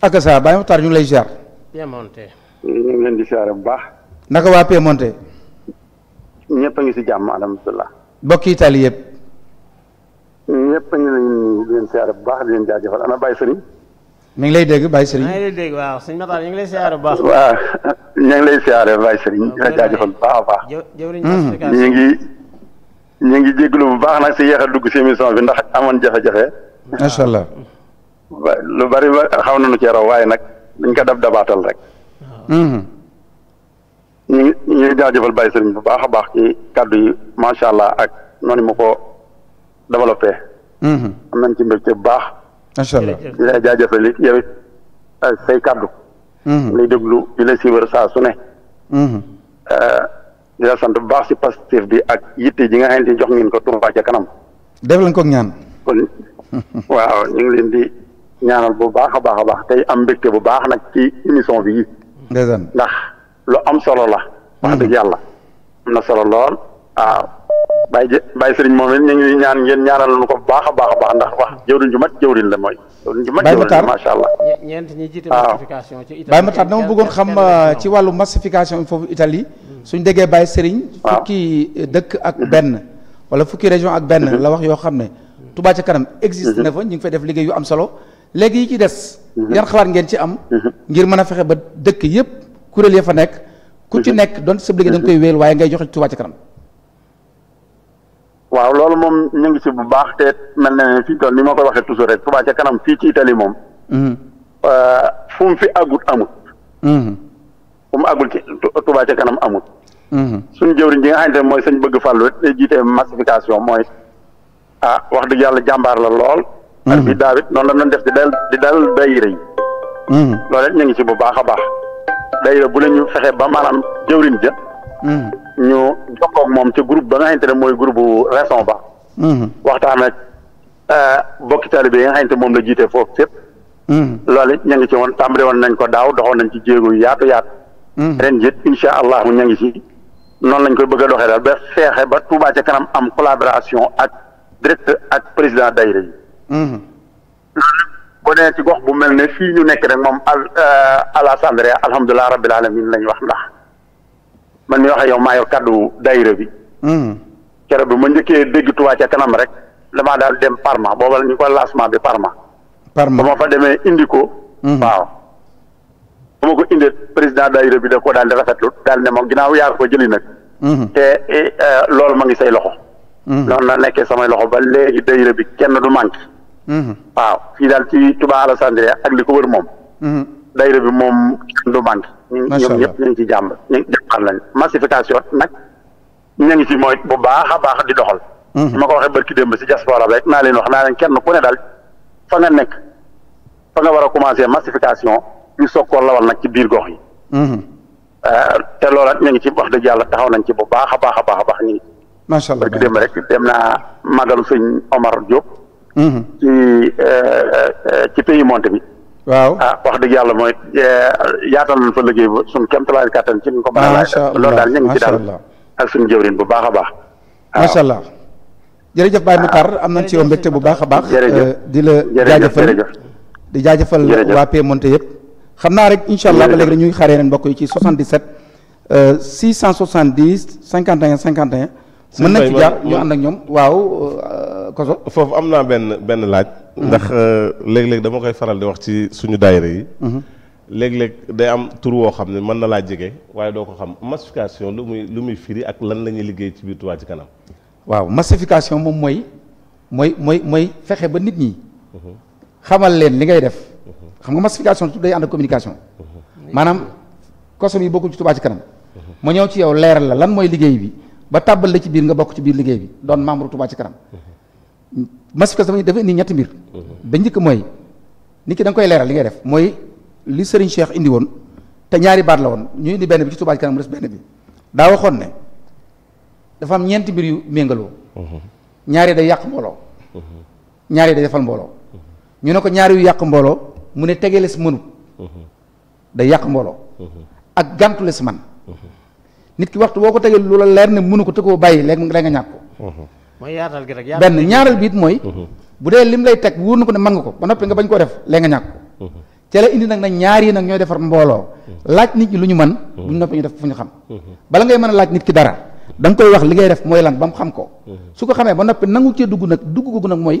ak sa Baye Makhtar ñu lay siyaar. Piemonte. ñu ngi leen di siyaare bu baax. naka waa Piemonte. ñëpp a ngi si jàmm alhamdulilah. bokki Italie yëpp. ñëpp a ngi leen siyaare bu baax di leen jaajëfal ana Baye Serigne. mi ngi lay dégg Baye Serigne. maa ngi lay dégg waaw sëñ ñu ngi lay siyaare bu baax. waaw ñu lay siyaare bu baax a baax. Hmm. ñu ngi ñu ngi jégalu bu baax nag si yéex dugg si émission bi ndax amoon jafe-jafe. macha lu bari ba xaw na cee raw waaye nag dañ ko dab dabaatal rek. Hmm. ñu ngi ñu ngi jaajëfal Baye bu baax a baax ci kàddu yi macha allah ak noonu mu ko développé. Hmm. am nañ ci mbégte bu baax. macha allah di la jaajëfal it euh, say kaddu. lay mm-hmm. déglu di la siiwar sa su ne. Mm-hmm. Euh, di la sant bu baax si Pastef bi ak yitte ji nga xam ne jox ngeen ko Touba ca kanam. def lañ ko ñaan. kon waaw ñu ngi leen di ñaanal bu baax a baax a baax tey am mbégte bu baax nag ci émission bi yi. ndax lu am solo la. wax dëgg mm-hmm. yàlla am na solo lool Baye jë Baye moom it ñu ngi ñaan ngeen ñaanal ko bu la mooy. jëwriñ ju mat jëwriñ la macha allah. ñeent ñi jiite massification ci Italie. Baye Matar dama bëggoon xam euh, ci wàllu mm. suñ déggee Baye Serigne. fukki dëkk ak mm-hmm. benn. wala fukki région ak benn. Mm-hmm. la wax yoo xam ne. Touba ca kanam existe mm-hmm. na fa ñu ngi fay def liggéey yu am solo. léegi yi ci des. yan xalaat ngeen ci am. ngir mën a fexe ba dëkk yëpp kuréel ya fa nekk. ku ci nekk doon sa liggéey da nga koy wéel waaye ngay joxe Touba ca kanam waaw loolu moom ñu ngi ci bu baax te mel na ne fii toll ni ma koy waxee toujours rek Touba ca kanam fii ci Italie moom. Mm-hmm. Euh, fu mu fi àggut amut. Mm-hmm. fu mu àggul ci Touba ca kanam amut. Mm-hmm. suñu jëwriñ ji nga xamante ne mooy sañ bëgg fàllu day jiite massification mooy ah wax dëgg yàlla jàmbaar la lool. ak daawit noonu la doon def di dal di dal daayira yi. loolu ñu ngi ci bu baax a baax. daayira bu la fexee fexe ba maanaam jëwriñ ja. ñu jokkoo ak moom ci groupe ba nga xamante ne mooy groupe bu raison ba. Mm-hmm. waxtaan ak euh, bokki taalibe yi nga xamante moom la jiite foofu fépp. Mm-hmm. loolu it ñu ngi ci woon tàmbale woon nañ ko daaw doxoon nañ ci jéego yu yaatu yaat mm-hmm. ren jii incha allah mu ñu ngi ci noonu lañ koy bëgg a doxee daal ba feexe ba Touba ca kanam am collaboration ak direct ak président daayira yi. boo nee ci gox bu mel ne fii ñu nekk rek moom al euh, Alassane alhamdulilah rabbil alamin lañ wax ndax. man mi wax ak yow maa yor kàddu daayira bi. Hmm. keroog bi ma njëkkee dégg Touba ca kanam rek damaa daal dem Parma booba ñu ko lancement bi Parma. Parma fa demee indi ko. Hmm. waaw ba ma ko indee président daayira bi da ko daal di rafetlu daal ne moom ginnaaw yaa ko jëli nag. Hmm. te eh, eh, ma ngi say loxo. noonu la nekkee samay loxo ba léegi daayira bi kenn du manqué. waaw fii daal ci Touba Alessandria ak li ko wër moom. daayira bi moom du manqué. ñoom ñëpp ñu ci jàmm ñu def xam nañ massification nag ñu ngi ci mooy bu baax a baax di doxal su mhm. ma ko waxee barki démb si diaspora rek naa leen wax naa leen kenn ku ne daal fa nga nekk fa nga war a commencé massification ñu soog koo lawal nag ci biir gox yi mhm. euh, te loola ñu ci wax dëgg yàlla taxaw nañ ci bu baax a baax a baax a baax ñu ngi macha allah barki démb rek dem naa màggalu sëñ Omar Diop mhm. euh, euh, ci pays monte bi waaw ah wax dëgg yàlla mooy eh, yaatal nañ fa liggéey ba suñ kéemtalaay kàttan ci ñu ko baax laa loolu daal ñu ngi ci daal ak suñu jëwrin bu baax a baax macha allah jërëjëf Baye Matar am na ci yow mbégte bu baax a baax eh, di la jaajëfal di jaajëfal waa Piemonte yëpp xam naa rek incha allah ba léegi ñu ngi yi leen mbokk yi ci 77 670 51 51 mën nañ ci jaar ñu ànd ak ñoom waaw euh, koso foofu am naa benn benn laaj mhm. ndax euh, léeg-léeg dama koy faral di wax ci suñu daayira yi mhm. léeg-léeg day am tur woo xam ne mën na laa jege waaye doo ko xam massification lu muy lu muy firi ak lan la ñuy liggéey ci biir Touba ci kanam waaw massification moom mooy mooy mooy mooy fexe ba nit ñi mhm. xamal leen li ngay def xam nga massification su day ànd communication maanaam kosom yi bokkul ci Touba ci kanam ma ñëw ci yow leeral la lan mooy liggéey bi ba tàbbal la ci biir nga bokk ci biir liggéey bi doon membre Touba ci kanam massification bi dafa indi ñetti mbir ba njëkk mooy nit ki da koy leeral li ngay def mooy li sëriñ Cheikh indi woon te ñaari baat la woon ñu indi benn bi ci Touba ci kanam mu des benn bi daa waxoon ne dafa am ñeenti mbir yu méngaloo ñaari day yàq mbooloo ñaari day defal mbooloo ñu ne ko ñaari yu yàq mbooloo mu ne tegeeles mënut day yàq mbooloo ak gàntu les man nit ki waxtu boo ko tegee loola leer ne mënu ko te koo bàyyi léegi nga ñàkk ko. mooy benn ñaaral bi it mooy. Mhm. bu dee lim lay teg wóor na ko ne man nga ko ba noppi nga bañ koo def léegi nga ñàkk ko. Mhm. ca la indi nag nag ñaar yi nag ñooy defar mbooloo. Mhm. laaj nit ñi lu ñu man bu ñu noppi ñu def fu ñu xam. bala ngay mën a laaj nit ki dara. da nga koy wax li ngay def mooy lan ba mu xam ko. su ko xamee ba noppi nangu kee dugg nag dugg ko googu nag mooy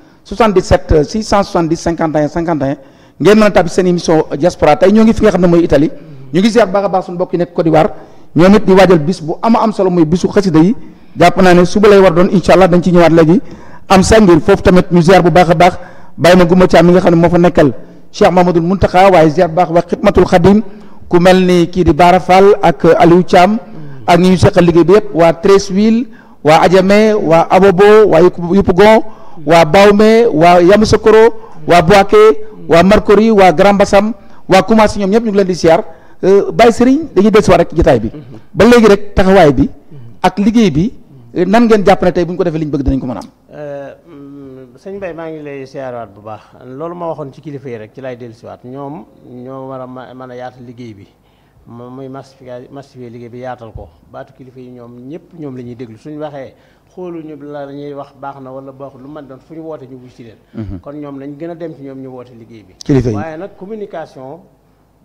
77 670 51 51 ngeen mën a tàbbi seen émission diaspora tey ñoo ngi fi nga xam ne mooy Italie ñu ngi ziar baax a baax suñu mbokk nekk Côte d'Ivoire ñoom di waajal bis bu ama am solo muy bisu xasida yi jàpp naa ne suba lay war doon incha allah dañ ci ñëwaat léegi am sàngir foofu tamit ñu ziar bu baax a baax bàyyi ma gumba caam mi nga xam ne moo fa nekkal Cheikh Mahmadul Muntaxa waaye ziar waa Baomé waa Yamoussoukro waa Boaké waa Marcory waa Grand Bassam waa Koumassi ñoom ñëpp ñu ngi leen di siyaar euh, Baye Serigne dañuy dellusiwaat rek jotaay bi ba léegi rek taxawaay bi ak liggéey bi euh, nan ngeen jàpp ne ñu ko defee li bëgg dinañ ko mën a am. Euh, sëñ Baye maa ngi lay siyaaraat bu baax loolu ma waxoon ci kilifa yi rek ci laay dellusiwaat ñoom ñoo war a mën a yaatal liggéey bi. moom muy massifié massifié liggéey bi yaatal ko baatu kilifa yi ñoom ñëpp ñoom la ñuy déglu suñu waxee xooluñu la ñuy wax baax na wala baaxul lu man doon fu ñu wootee ñu wuy ci leen mhm. kon ñoom nañ gën a dem ci ñoom ñu woote liggéey bi ci waaye nag communication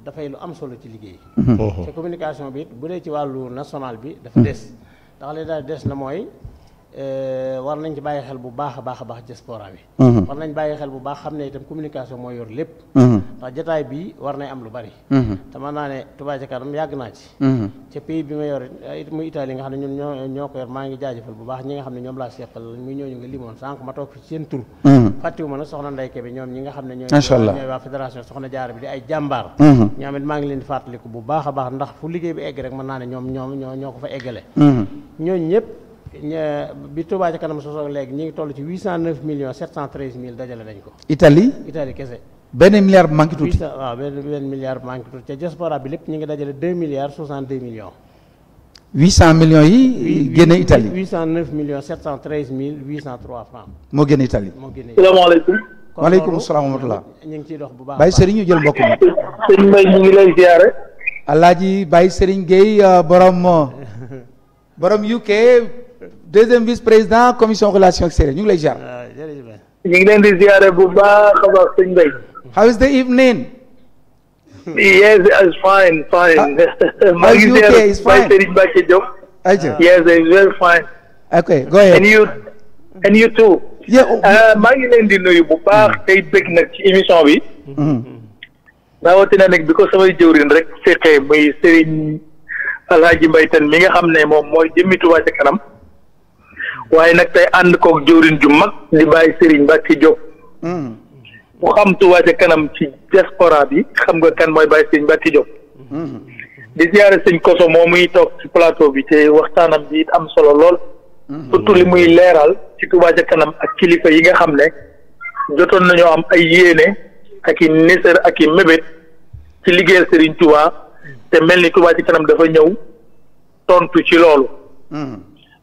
dafay lu am solo ci liggéey mhm. te communication bi it bu dee ci wàllu national bi dafa mhm. des ndax li daal des na mooy Euh, war nañ ci bàyyi xel bu baax a baax a baax diaspora bi mhm. war nañ bàyyi xel bu baax xam ne itam communication mooy yor lépp mhm. ndax jataay bi war nay am lu bari mhm. te mën naa ne Touba ca kanam yàgg naa ci ca pays bi ma yor it muy Italie ñoo ñoo maa ngi jaajëfal bu baax ñi nga xam ne ñoom laa seqal muy ñooñu nga limoon sànq ma toog fi seen tur fàttiwuma nag soxna Ndey Kebe ñoom ñi nga xam ne ñooy ñooy waa fédération soxna Jaara bi di ay jàmbaar ñoom it maa ngi leen di fàttaliku bu baax a baax ndax fu liggéey bi egg rek mën naa ne ñoom ñoom ñoo ñoo ko fa eggale ñooñu ñëpp bi Touba ca kanam sosoo léegi ñu ngi toll ci 809 dajale dañ ko. Italie Italie kese. benn milliard bu manqué tuuti. waaw benn milliard bu manqué tuuti ca diaspora bi lépp ñu ngi dajale 2 milliards 62 yi. génne Italie 809 millions 713 mille 803 francs. moo génne Italie. moo génne Italie salaamaaleykum. ngi bu baax Baye Serigne ñu jël mbokk mi. Euh, borom euh, borom UK. deuxième vice président commission relations extérieures ñu ngi lay ziar. Ah, ñu ngi leen di ziare bu baax a baax sëñ Mbaye. how is the evening. yes it's fine fine. Ah, maa ngi ziare Baye Serigne Mbacke Diop. yes it's very fine. ok go ahead. and you and you too. Oh, ah, maa ngi leen di nuyu bu baax mm. tey bëgg nag ci émission bi. Mm-hmm. rawatina nag bi ko samay jëwrin rek seqee muy Serigne Alhaji Mbaye Tane mi nga xam ne moom mooy jëmmi Touba ca kanam. waaye nag tey ànd koog jëwriñ ju mag di bàyyi Serigne Mbacke Diop. ku hmm. xam Touba ca kanam ci diaspora bi xam nga kan mooy bàyyi Serigne Mbacke Diop. Hmm. di ziare sëñ Koso moo muy toog ci plateau bi te waxtaanam bi am solo lool. Hmm. surtout li muy leeral ci Touba ca kanam ak kilifa yi nga xam ne jotoon nañoo am ay yéene ak i neser ak i mébét ci liggéeyal Serigne Touba te mel ni Touba ca kanam dafa ñëw tontu ci loolu.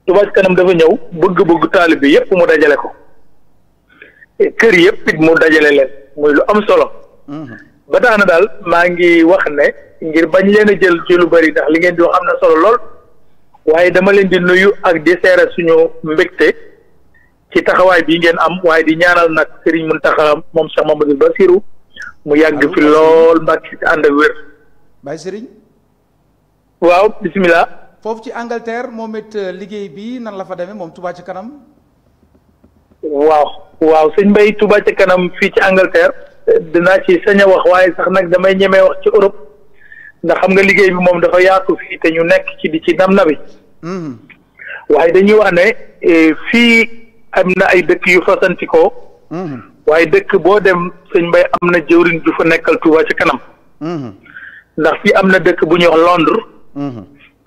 Touba Ca Kanam dafa ñëw bëgg-bëgg taalibe yépp mu dajale ko kër yépp it mu dajale leen muy lu am solo mhm. ba tax na daal maa ngi wax ne ngir bañ leen a jël ci lu bari ndax li ngeen di wax am na solo lool waaye dama leen di nuyu ak di seere suñu mbégte ci taxawaay bi ngeen am waaye di ñaanal nag sëriñ Serigne Mountakha moom Cheikh Mamadou Bassirou mu yàgg fi lool mbàkk ci ànd ak wér. waaw bisimilah. foofu ci Angleterre moom it euh, liggéey bi nan la fa demee moom Touba ci kanam. waaw waaw sëñ mbay Touba ci kanam fii ci Angleterre euh, dinaa ci sañ a wax waaye sax nag damay ñemee wax ci Europe ndax xam nga liggéey bi moom dafa yaatu fii te ñu nekk ci di ci nam na bi waaye dañuy wax ne euh, fii am na ay dëkk yu fasantikoo hmm. waaye dëkk boo dem sëñ mbay am na jëwriñ ju fa nekkal Touba ci kanam hmm. ndax fii am na dëkk bu ñuy wax Londres hmm.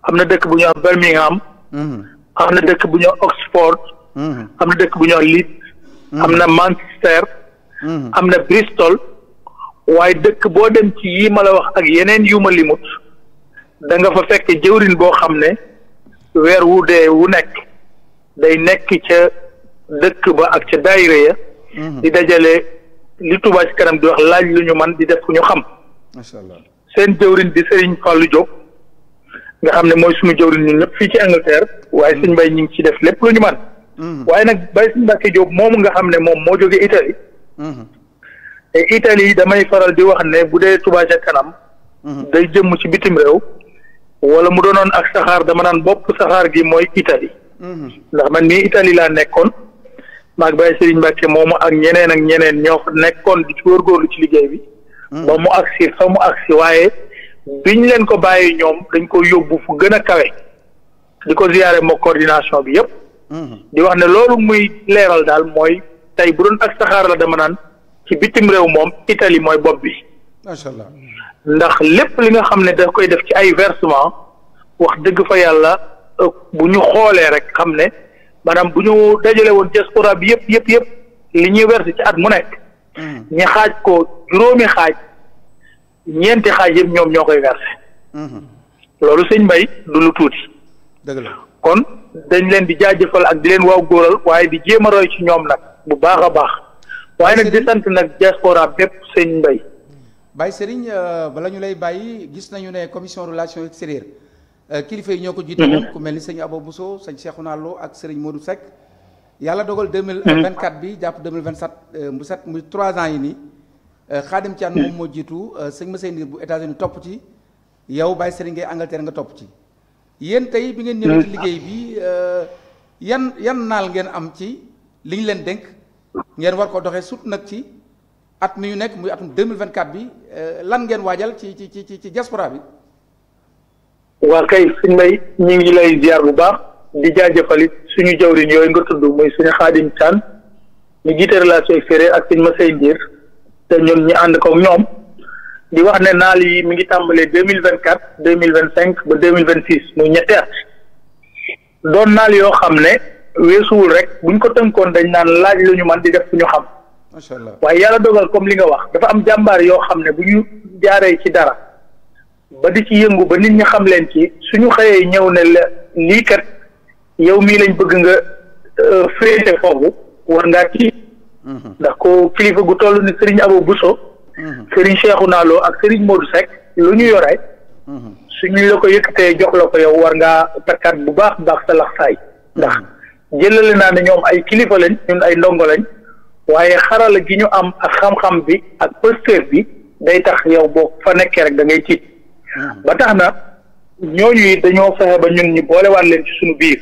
am na dëkk bu ñuy wax Birmingham. Mm-hmm. am na dëkk bu ñuy wax Oxford. Mm-hmm. am na dëkk bu ñuy wax Leeds. Mm-hmm. am na Manchester. am na Bristol. waaye dëkk boo dem ci yii ma la wax ak yeneen yuma ma limut da nga fa fekk jëwrin boo xam ne weer wu dee wu nekk day nekk ca dëkk ba ak ca daayira ya di dajale li Touba ci kanam di wax laaj lu ñu man di def ku ñu xam. macha seen jëwrin di Serigne Fallou Diop. nga xam ne mooy suñu jëwriñ ñun ñëpp fii ci Angleterre waaye mm. sëñ Mbaye ñu ngi ci def lépp lu ñu man mm. waaye nag Baye Sëñ Mbàkke Jóob moomu nga xam ne moom moo jóge Italie mm-hmm. te Italie damay faral di wax ne bu dee Touba ca kanam mm-hmm. day jëmm ci bitim réew wala mu doonoon ak saxaar dama naan bopp saxaar gi mooy Italie mm-hmm. ndax man mii Italie laa nekkoon maag Baye Sëriñ Mbàkke moomu ak ñeneen ak ñeneen ñoo nekkoon di ci góorgóorlu ci liggéey bi ba mu agsi fa mu agsi waaye bi leen ko bàyyi ñoom dañ ko yóbbu fu gën a kawe di ko ziyaare moo coordination bi yëpp. Mm-hmm. di wax ne loolu muy leeral daal mooy tey bu doon ak saxaar la dama naan ci bitim réew moom Italie mooy bopp bi. macha ndax lépp li nga xam ne da koy def ci ay versement wax dëgg fa yàlla euh, bu ñu xoolee rek xam ne maanaam bu ñu dajale woon diaspora bi yëpp yëpp yëpp li ñuy verse ci at mu nekk. Mm-hmm. ñi xaaj ko juróomi xaaj. ñeenti xaaj yëpp ñoom ñoo koy versé. Mhm. loolu sëñ mbay du lu tuuti. dëgg la kon dañ leen di jaajëfal ak di leen waw góoral waaye di jéem a roy ci ñoom nag bu baax a baax. waaye nag di sant nag diaspora bépp sëñ mbay. Baye Serigne euh, bala ñu lay bàyyi gis nañu ne commission relation extérieure euh, kilifa yi ñoo ko jiite woon mhm. ku mel ni sëñ Abo Bousso sëñ Cheikhouna Lo ak sëriñ Modou Seck yàlla dogal deux mille mhm. vingt quatre bi jàpp deux mille vingt sept euh, mu set muy trois ans yi nii. Xaadim euh, Thian moom moo jiitu euh, sëñ ma Ndir bu États-Unis topp ci yow Baye Serigne Gueye Angleterre nga topp ci yéen tey bi ngeen ñëwee ci liggéey bi euh, yan yan naal ngeen am ci li ñu leen dénk ngeen war ko doxee sut nag ci at mi ñu nekk muy atum 2024 bi lan ngeen waajal ci ci ci ci ci diaspora bi. waa kay suñ may ñu ngi lay ziar bu baax di jaajëfalit suñu jawriñ yooyu nga tudd muy suñu Xaadim Thian ñu jiite relation extérieure ak suñu ma Ndir. te ñun ñu ànd ko ñoom di wax ne naal yi mi ngi tàmbalee deux mille vingt quatre deux mille vingt cinq ba deux mille vingt six muy ñetti at doon naal yoo xam ne weesuwul rek buñ ko tënkoon dañ naan laaj lu ñu man di def fu ñu xam. macha allah waaye yàlla dogal comme li nga wax dafa am jàmbaar yoo xam ne bu ñu jaaree ci dara ba di ci yëngu ba nit ñi xam leen ci suñu xëyee ñëw ne la lii kat yow mii lañ bëgg nga euh, féete foofu war ngaa ci Mm-hmm. ndax ko kilifa gu toll ni Serigne Abou Bousso. Mm-hmm. Serigne naa loo ak sëriñ Modou Seck lu ñu yore. Mm-hmm. suñu la ko yëkkatee jox la ko yow war ngaa takkaat bu baax baax sa laxsaay ndax jëlale naa ne ñoom ay kilifa lañ ñun ay ndongo lañ waaye xarala gi ñu am ak xam-xam bi ak posteur bi day tax yow boo fa nekkee rek da ngay tiit ba tax na ñooñu it dañoo fexe ba ñun ñu boolewaat leen ci suñu biir.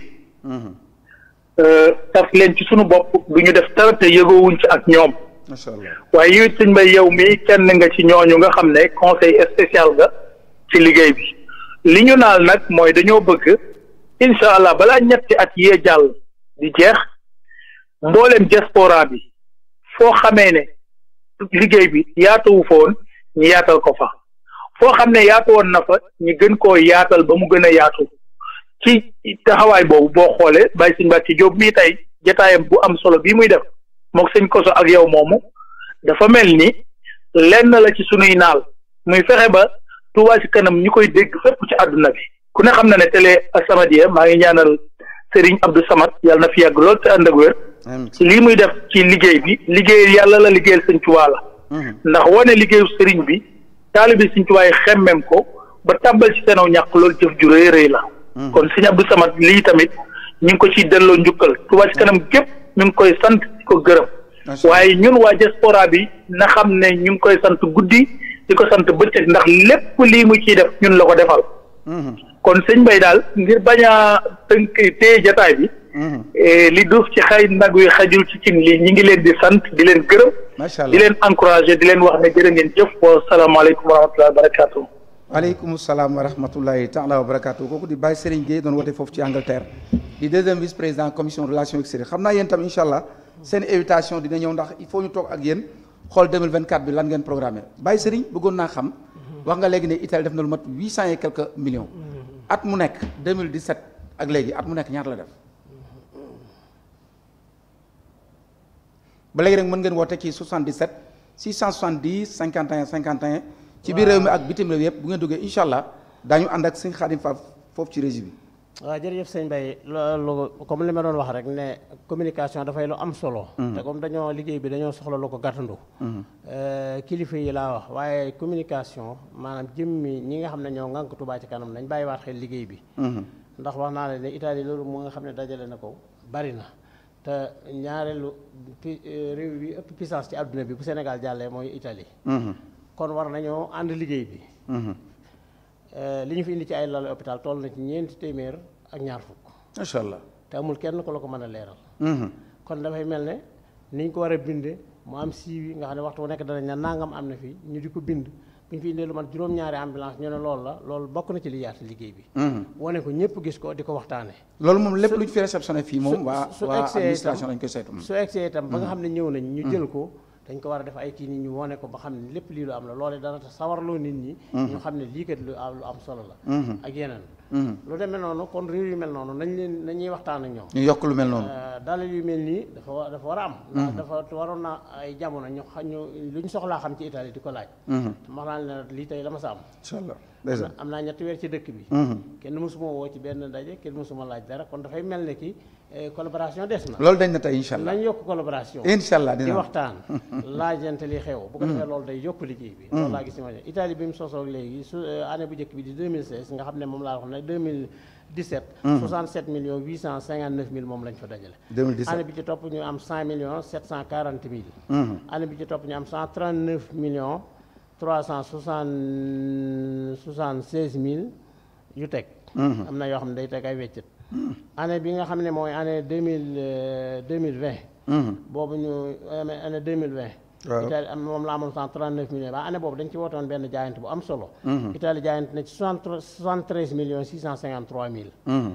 Euh, tas leen ci sunu bopp du ñu def dara te yëgoowuñ ci ak ñoom. macha waaye yow sëñ Mbaye yow mi kenn nga ci ñooñu nga xam ne conseil spécial nga ci liggéey bi li ñu naal nag mooy dañoo bëgg incha allah balaa ñetti at yee jàll di jeex mboolem diaspora bi foo xamee ne liggéey bi yaatuwu fa woon ñu yaatal ko fa foo xam ne yaatu woon na fa ñu gën koo yaatal ba mu gën a yaatu ci taxawaay boobu boo xoolee Baye Sëñ ci Jóob mii tey jataayam bu am solo bii muy def mook sëñ koso ak yow moomu dafa mel ni lenn la ci sunuy naal muy fexe ba Touba ci kanam ñu koy dégg fépp ci àdduna bi ku ne xam na ne télé As-Samadiyya maa ngi ñaanal sëriñ Abdou Samad yàlla na fi yàgg lool te ànd ak wér lii muy def ci liggéey bi liggéey yàlla la liggéeyal sëñ Touba la ndax wane liggéeyu Serigne bi taalibi sëñ Touba yi xemmem ko ba tàbbal ci senaw ñàkk loolu jëf ju rëy Hmm. kon sëñ Abdou Samad lii tamit ñu ngi ko ciy delloo njukkal Touba ci kanam képp ñu ngi koy sant di ko gërëm waaye ñun waa diaspora bi na xam ne ñu ngi koy sant guddi di ko sant bëccëg ndax lépp lii mu ciy def ñun la ko defal hmm. kon sëñ Bay daal ngir bañ a tënk téye jataay bi hmm. e, li duuf ci xay nag wi xajul ci cin lii ñu ngi leen di sant di leen gërëm di leen encouragé di leen wax ne jërë ngeen jëf wa salaamaaleykum wa rahmatulah wa aleykum salaam wa rahmatullahi taala wa barakaatu kooku di Baye Serigne Gueye doon wote foofu ci Angleterre di deuxième vice président commission relations extérieures xam naa yéen tam incha allah seen invitation dina ñëw ndax il faut ñu toog ak yéen xool bi lan ngeen programmé Baye Serigne bëggoon naa xam wax nga léegi ne Italie def na lu mat huit cent et quelques millions at mu nekk ak léegi at mu nekk ñaar la def ba léegi rek mën ngeen woote ci 77 670 51 51 ci biir réew mi ak bitim réew yëpp bu nga duggee incha allah daañu ànd ak sëñ Xaadim Faaf foofu ci régie bi. waaw jërëjëf sëñ Mbaye loolu comme li ma doon wax rek ne communication dafay lu am solo. Mhm. te comme dañoo liggéey bi dañoo soxla lu ko gàttandu. Mhm. Euh, kilifa yi laa wax waaye communication maanaam mi ñi nga xam ne ñoo ngànk Touba ci kanam bàyyi waat xel liggéey bi. Mhm. ndax wax naa la ne Italie loolu moo nga xam ne dajale na ko bari na. te ñaareelu euh, réew yi ëpp puissance ci àdduna bi bu Sénégal jàllee mooy Italie. kon war nañoo ànd liggéey bi. Mhm. Eh, li ñu fi indi ci ay lalu hôpital toll na ci ñeenti téeméer ak ñaar fukk. macha allah te amul kenn ku la ko mën a leeral. Mhm. kon dafay mel ne ni ñu ko war a bindee mu am siiwi nga xam ne waxtu bu nekk danañ ne nangam am na fi ñu di ko bind bu ñu fi indee lu man juróom-ñaari ambulance ñu ne loolu la lool bokk na ci li liggéey bi. Mhm. wane ko ñëpp gis ko di ko waxtaanee. loolu moom lépp lu ñu fi ne fii moom. waa waa administration lañ koy su egsee itam ba nga xam ne ñëw nañ ñu jël ko. dañ ko war a def ay kii nit ñu wone ko ba xam ne lépp lii lu am la loole dana sawarloo nit ñi mhm. ñu xam ne lii kat lu am solo la mhm. ak yeneen mhm. lu demee noonu kon réew yu mel noonu nañ leen nañuy waxtaan ak ñoom ñu yokk lu mel noonu euh, dalal yu mel nii dafa war a am ndax dafa waroon na ay jamono ñu xam ñu lu ñu soxlaa xam ci Italie di ko laaj max naa leen lii tey la ma sa am inshallah am naa ñetti weer ci dëkk bi kenn mësuma woo ci benn ndaje kenn mësuma laaj dara kon dafay mel ne ki collaboration des na. loolu dañ na tey incha allah nañ yokk collaboration. incha allah dina di waxtaan. laajante li xew. bu ko defee mm. loolu day yokk liggéey bi. Mm. loolu laa gis ma ne Italie bi mu sosoo léegi su euh, année bu njëkk bi di 2016 nga xam ne moom laa wax ne 2000. 17. 67 millions 859 mille moom lañ fa mille. ñu am 139 mm. mm-hmm. na yoo xam ne day teg ay weccet. année bi nga xam ne mooy année deux mille euh, deux mille vingt. Mm-hmm. boobu ñu euh, année deux mille vingt. waaw Italie am moom la amoon cent trente neuf millions ba année boobu dañ ci wootoon benn jaayante bu am solo. Mm-hmm. Italie jaayante na ci soixante soixante treize millions six cent cinquante trois mille. Mm-hmm.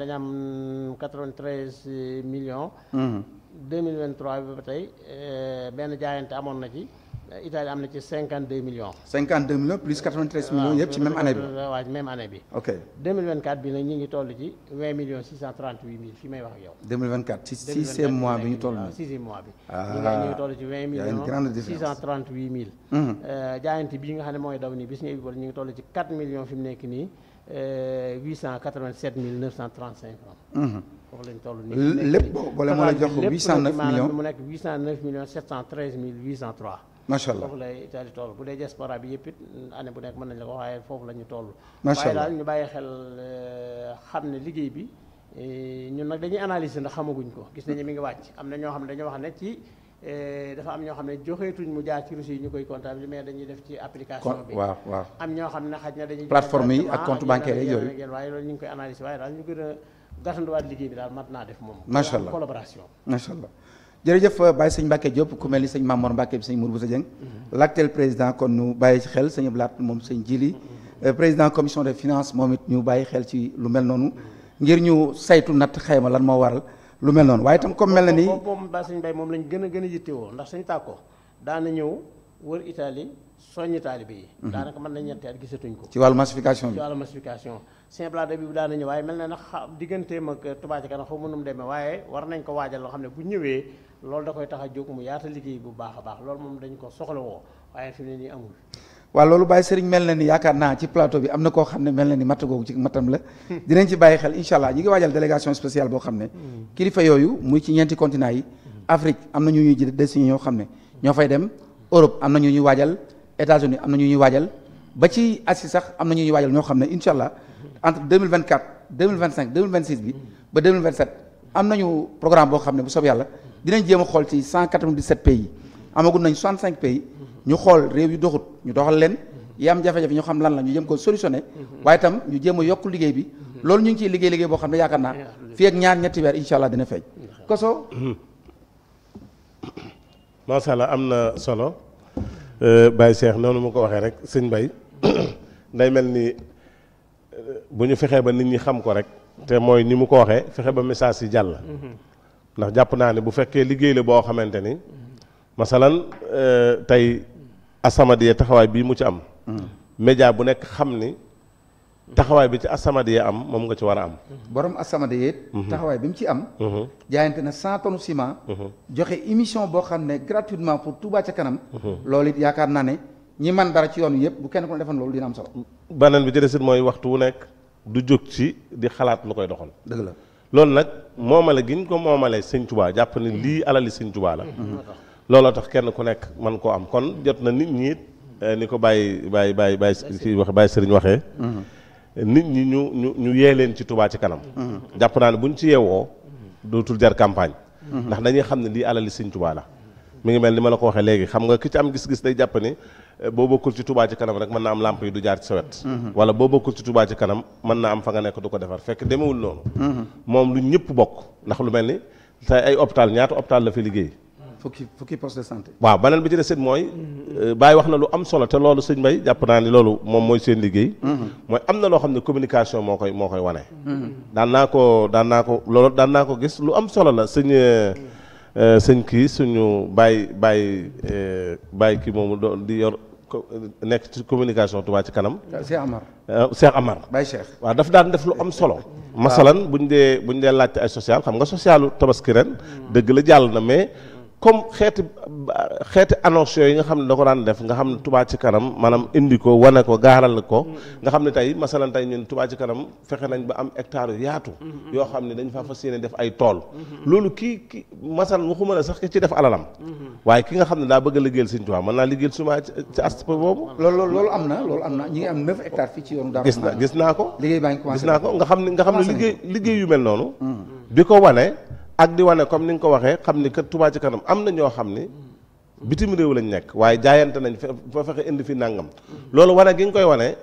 dañu am 93 millions. 2023 mhm. bi ba tey euh, benn jaayante amoon na ci. Italie am na ci 52 millions. 52 millions plus 93 euh, millions yëpp ci même année bi waaw euh, même bi. ok 2024 bi nag ñu ngi toll ci 20 millions 638 mille fi may wax ak yow. 2024 ci sixième mois bi ñu toll nii. sixième mois bi. Ah, ñu ngi ci 20 millions 638 mhm. bii nga xam ne mooy daw nii bis ñu ngi Euh, huit cent quatre vingt sept mille neuf cent trente cinq francs. Mhm. foofu lañ toll nii. lépp boole moo la jox huit cent neuf millions mu nekk huit cent lay toll bu dee diaspora bi yëpp it année bu nekk mën nañ la ko waaye foofu la ñu toll. macha allah waaye daal ñu bàyyi xel euh, xam ne liggéey bi euh, ñun nag dañuy analyser ndax xamaguñ ko gis nañu mi ngi wàcc am na ñoo xam ne dañoo wax ne ci. Eh, dafa am ñoo xam ne joxeetuñ mu jaar ci reçu yi ñu koy comptable mais dañuy def ci application bi waaw waaw am ñoo xam ne xaj na dañuy plateforme yi ak compte bancaire yi yooyu waaye loolu ñu ngi koy analyser waaye daal ñu a gàttanduwaat liggéey bi daal mat naa def moom macha allah collaboration macha allah jërëjëf euh, bàyyi sëñ Mbacke Diop ku mel ni sëñ Mamour Mbacke bi sëñ Mour Boussa Dieng mhm. l'actuel président kon ñu bàyyi ci xel sëñ Blaat moom sëñ Jili mhm. euh, président commission de finances moom it ñu bàyyi xel ci lu mel noonu ngir ñu saytu natt xayma lan moo waral lu mel noonu waaye itam comme mel na ni. boobu ba sëñ Bay moom lañ gën a gën a yittewoo ndax sëñ tàkko daana ñëw wër Italie soññi taalibe yi. Mhm. daanaka mën nañ ñetti at gisatuñ ko. ci wàllu massification bi ci wàllu massification. Saint Blada bi daana ñëw waaye mel na nag xa digganteem ak Touba Ca Kanam xaw ma nu mu demee waaye war nañ ko waajal loo xam ne bu ñëwee loolu da koy tax a jóg mu yaata liggéey bu baax a baax loolu moom dañ ko soxla woo waaye fi mu ne nii waaw loolu bàyyi sëriñ mel na ni yaakaar naa ci plateau bi am na koo xam ne mel na ni matt googu ci mattam la hmm. dinañ ci bàyyi xel incha ñi ngi waajal délégation spéciale boo xam ne hmm. kilifa yooyu muy ci ñeenti continent yi hmm. Afrique am na ñu ñuy am na ñu ñu ñuy ba ci Asie sax am na ñu ñuy waajal ñoo xam ne incha allah entre 2024 2025 2026 bi ba 2027 am nañu boo xam ne bu soob yàlla dinañ jéem a xool ci 197 pays amagum nañ 65 pays ñu xool réew yu doxut ñu doxal leen yi am jafe-jafe ñu xam lan la ñu jëm ko solutionné mhm. waaye tam ñu jéem a yokk liggéey bi mhm. loolu ñu ngi ciy liggéey liggéey boo xam ne yaakaar ñaar ñetti weer incha allah dina feeñ koso am na solo euh, Baye noonu mu ko waxee rek sëñ Baye day mel ni euh, bu ñu fexee ba nit ñi xam ko rek te mooy ni mu ko waxee fexe ba message yi jàll mhm. ndax jàpp naa fekkee liggéey la boo xamante ni masalan euh, tey asamadiya taxawaay bii mu ci am. Hmm. média bu nekk xam ni taxawaay bi ci asamadiya am moom nga ci war a am. borom asamadiya it. Hmm. taxawaay bi mu ci am. Hmm. jaayante na cent tonnes ciment. joxe émission boo xam ne gratuitement pour Touba ci kanam. loolu it yaakaar naa ne ñi man dara ci yoon wi yëpp bu kenn ku ne loolu dina am solo. beneen bi ci des mooy waxtu wu nekk du jóg ci di xalaat lu koy doxal. dëgg la loolu nag moomale gi ñu ko moomalee Sëñ Touba jàpp ne lii alali Sëñ la. looloo tax kenn ku nekk man koo am kon jot na nit ñi eh, ni ko bàyyi bàyyi bàyyi bàyyi kii wax bàyyi sëriñ waxee nit ñi ñu ñu ñu yee leen ci tubaa ci kanam mhm. jàpp naa ne buñ ci yeewoo dootul jar campagne mhm. ndax dañuy xam ne lii alali sëñ Touba la mu ngi mel ni ma la ko waxee léegi xam nga ki ci am gis-gis day jàpp ni eh, boo bokkul ci tubaa ci kanam rek mën naa am lamp yi du jaar ci sa wet mhm. wala boo bokkul ci tubaa ci kanam mën na am fa nga nekk du ko defar fekk demewul noonu moom ñëpp bokk ndax mel ni tey ay hôpital ñaata hôpital la fi liggéey fukki fukki poste de santé. waaw beneen bi ci des it mooy. Euh, Baye wax na lu am solo te loolu sëñ Mbaye jàpp naa ni loolu moom mooy seen liggéey. Mhm. mooy am na loo xam ne communication moo koy moo koy wane. Mhm. daan naa ko daan naa ko loolu daan naa ko gis lu am solo la sëñ euh, euh, sëñ kii suñu bàyyi Baye Baye kii moomu doon di yor. nekk ci communication Touba ci kanam. Cheikh Amar. Cheikh Amar. Baye Cheikh. waaw daf daan def lu am solo. masalan buñ dee buñ dee laajte ay social xam nga socialu tabaski ren. Mhm. dëgg la jàll na mais. comme xeeti xeeti annonce yooyu nga xam ne da ko daan def nga xam ne tubaa ci kanam maanaam indi ko wane ko gaaral ko nga xam ne tey masalan tey ñun Touba ci kanam fexe nañ ba am hectare yu yaatu mm-hmm. yoo xam ne dañ faa fas def ay tool mm-hmm. loolu kii ki masalan waxuma la sax ki ci def alalam mm-hmm. waaye ki nga xam ne daa bëgg a liggéeyal Sëñ Touba mën naa liggéeyal suma na loolu am na ñi ngi am neuf hectares fii ci yoonu Darou gis na gis naa ko naa ko nga xam ne nga xam ne liggéey liggéeyu mel noonu bi ko wane ak di wane comme ni nga ko waxee xam ni que Touba ci kanam am na ñoo xam ni bitim réew lañ nekk waaye jaayante nañ fa fexe indi fi nangam loolu wane gi nga koy wane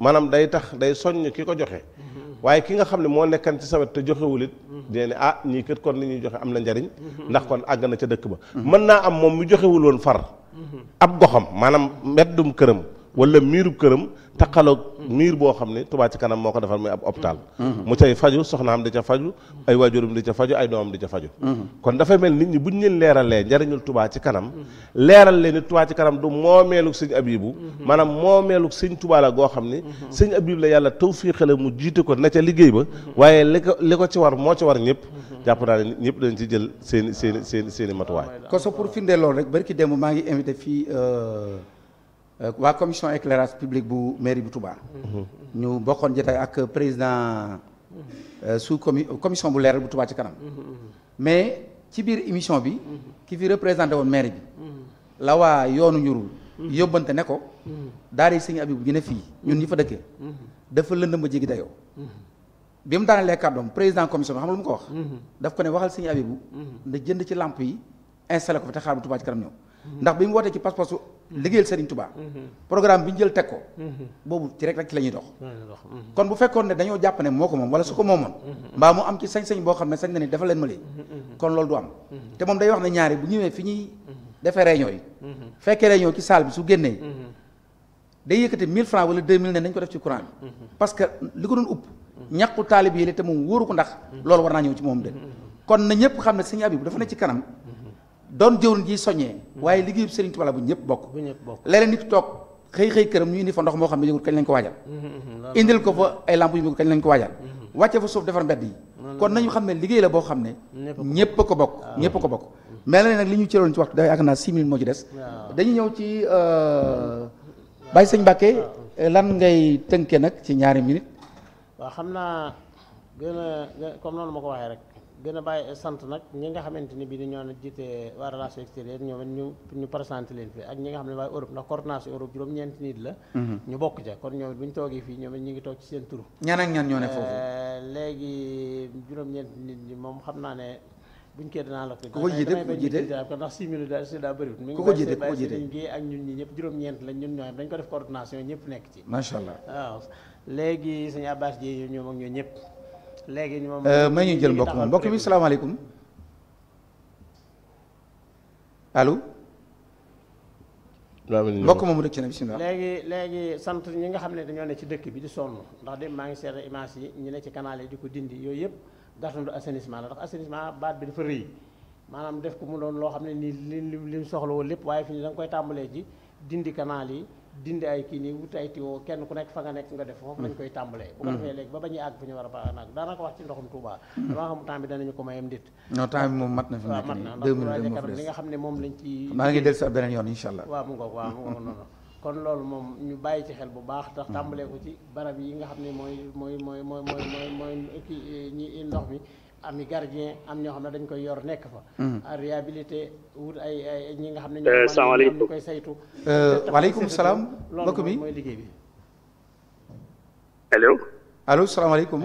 maanaam day tax day soññ ki ko joxe waaye ki nga xam ne moo nekkan ci sawet te joxewul it dina ne ah ñii kët kon li ñuy joxe am na njariñ ndax kon àgg na ca dëkk ba mën naa am moom mu joxewul woon far ab goxam maanaam mbeddum këram wala miiru këram taqaloog miir boo xam ne tubaa ci kanam moo ko defar muy ab hôpital mm-hmm. mu cay faju soxnaam di ca faju ay waajurum di ca faju ay doomam di ca faju mm-hmm. kon dafay mel nit ñi buñ leen leeralee njariñul Touba ci kanam leeral leen ni Touba ci kanam du moomeelug sëñ Abibu mm-hmm. maanaam moomeelug sëñ Touba la goo xam ne sëñ Abibu la yàlla tawfiixale mu jiite ko na ca liggéey ba waaye li ko li ko ci war moo ci war ñëpp jàpp naa ne ñëpp dañ ci jël seen i seen seen matuwaay koso pour firndee loolu rek barki démb maa ngi invité fii euh, Euh, waa commission éclairage public bu mairie bu Touba. Mm-hmm. ñu bokkoon jotaay ak président euh, sous commission bu leeral bu Touba ci kanam. Mm-hmm. mais ci biir émission bi. Mm-hmm. ki fi représenté woon mairie bi. la waa yoonu ñurul yóbbante ne ko. daara yi sëñ Abib ñu ne fii ñun ñi fa dëkkee. dafa lëndëm ba jéggi dayoo. bi mu daanalee kàddoom président commission bi xam lu mu ko wax. daf ko ne waxal sëñ Abibu. na jënd ci làmp yi installé ko fi te xaar bu Touba ci kanam ñëw. ndax bi mu wootee ci pas-pasu liggéeyal Serigne Touba. programme bi ñu jël teg ko. boobu ci rek rek ci la dox. Mhm. kon bu fekkoon ne dañoo jàpp moo ko moom wala su ko moomoon. Mhm. mbaa mu am ci sañ-sañ boo xam ne sañ na ni dafa leen ma lii. Mhm, kon loolu du am. te moom day wax ne ñaari bu ñëwee fi ñuy defee réunion fekkee réunion ci salle bi su génnee. day yëkkati 1000 francs wala 2000 ne nañ ko def ci courant bi. parce li ko doon upp. ñàkku taalib yi la doon jëwriñ ji soññee hmm. waaye liggéeyu Serigne Touba la ñëpp bokk leneen nit toog xëy xëy këram ñu indi fa ndox moo xam ne yëgul kañ lañ ko waajal hmm, hmm, indil ko fa ay lamp yu mu kañ lañ ko waajal wàcce fa suuf defar mbedd yi kon nañu xam ne liggéey la boo xam ne ñëpp ko bokk ñëpp ko bokk ah. mais leneen nag li ñu cëroon ci waxtu dafa yaakaar naa six minutes moo ci des dañu ñëw ci euh, Baye Sëñ Mbàkke euh, lan ngay tënkee nag ci ñaari minutes waaw xam a comme noonu ma ko waxee rek gën a bàyyi sant nag ñi nga xamante ni bii dañoo jiite waa relation extérieure ñoom ñu ñu présenté leen fi ak ñi nga xam ne waaye Europe ndax coordination Europe juróom-ñeenti nit la. Mhm. ñu bokk ca kon ñoom bu ñu toogee fii ñoom ñu ngi toog ci seen tur. ñan ak ñan ñoo ne foofu. Euh, léegi juróom-ñeenti nit ñi moom xam naa ne buñ kee dinaa la ko. ku ko jiite ku ko jiite ko ndax six mille daal si daa bëriwul. ku ko jiite ku ko jiite mi ngi bàyyi ak ñun ñi ñëpp juróom-ñeent lañ ñun ñoo dañ ko def coordination ñëpp nekk ci. macha allah waaw léegi sëñ Abbas Dieye ñoom ak ñoo ñëpp léegi ñoom ma euh, ñu jël mbokk moom mbokk bi salaamaaleykum allo. mbokk moomu dëkk ci na bisimilah léegi léegi sant ñi nga xam ne dañoo ne ci dëkk bi di sonn ndax dem maa ngi seeta image yi ñu ne ci canal yi di ko dindi yooyu yëpp gàttandu assainissement la ndax assenisement baat bi dafa rëy maanaam def ko mu doon loo xam ne nii li li mu soxla woon lépp waaye fi ñu da koy tàmbalee ji dindi kanaal yi dindi ay kii nii wut ay tiwo kenn ku nekk fa nga nekk nga def foofu lañ mm. koy tàmbalee bu ko defee mm. léegi ba ba àgg fu ñu war a baax nag daanaka wax ci ndoxum Touba mm. dama xam moom mat na fi nekk nii ne moom lañ ci maa ngi del si ab beneen yoon insha allah waaw mu ngoog waaw mu ngoog noonu kon loolu moom ñu bàyyi ci xel bu baax tax tàmbalee ko ci barab yi nga xam ne mooy mooy mooy mooy mooy mooy kii eh, ñi eh, ndox mi ami gardien am ñoo xam ne dañ koy yor nekk fa. Hmm. réhabilité wut ay ay ñi nga xam ne. Eh, ñoom ñu koy saytu. Eh, waaleykum salaam mbokk mi mooy liggéey bi. allo. allo salaamaaleykum.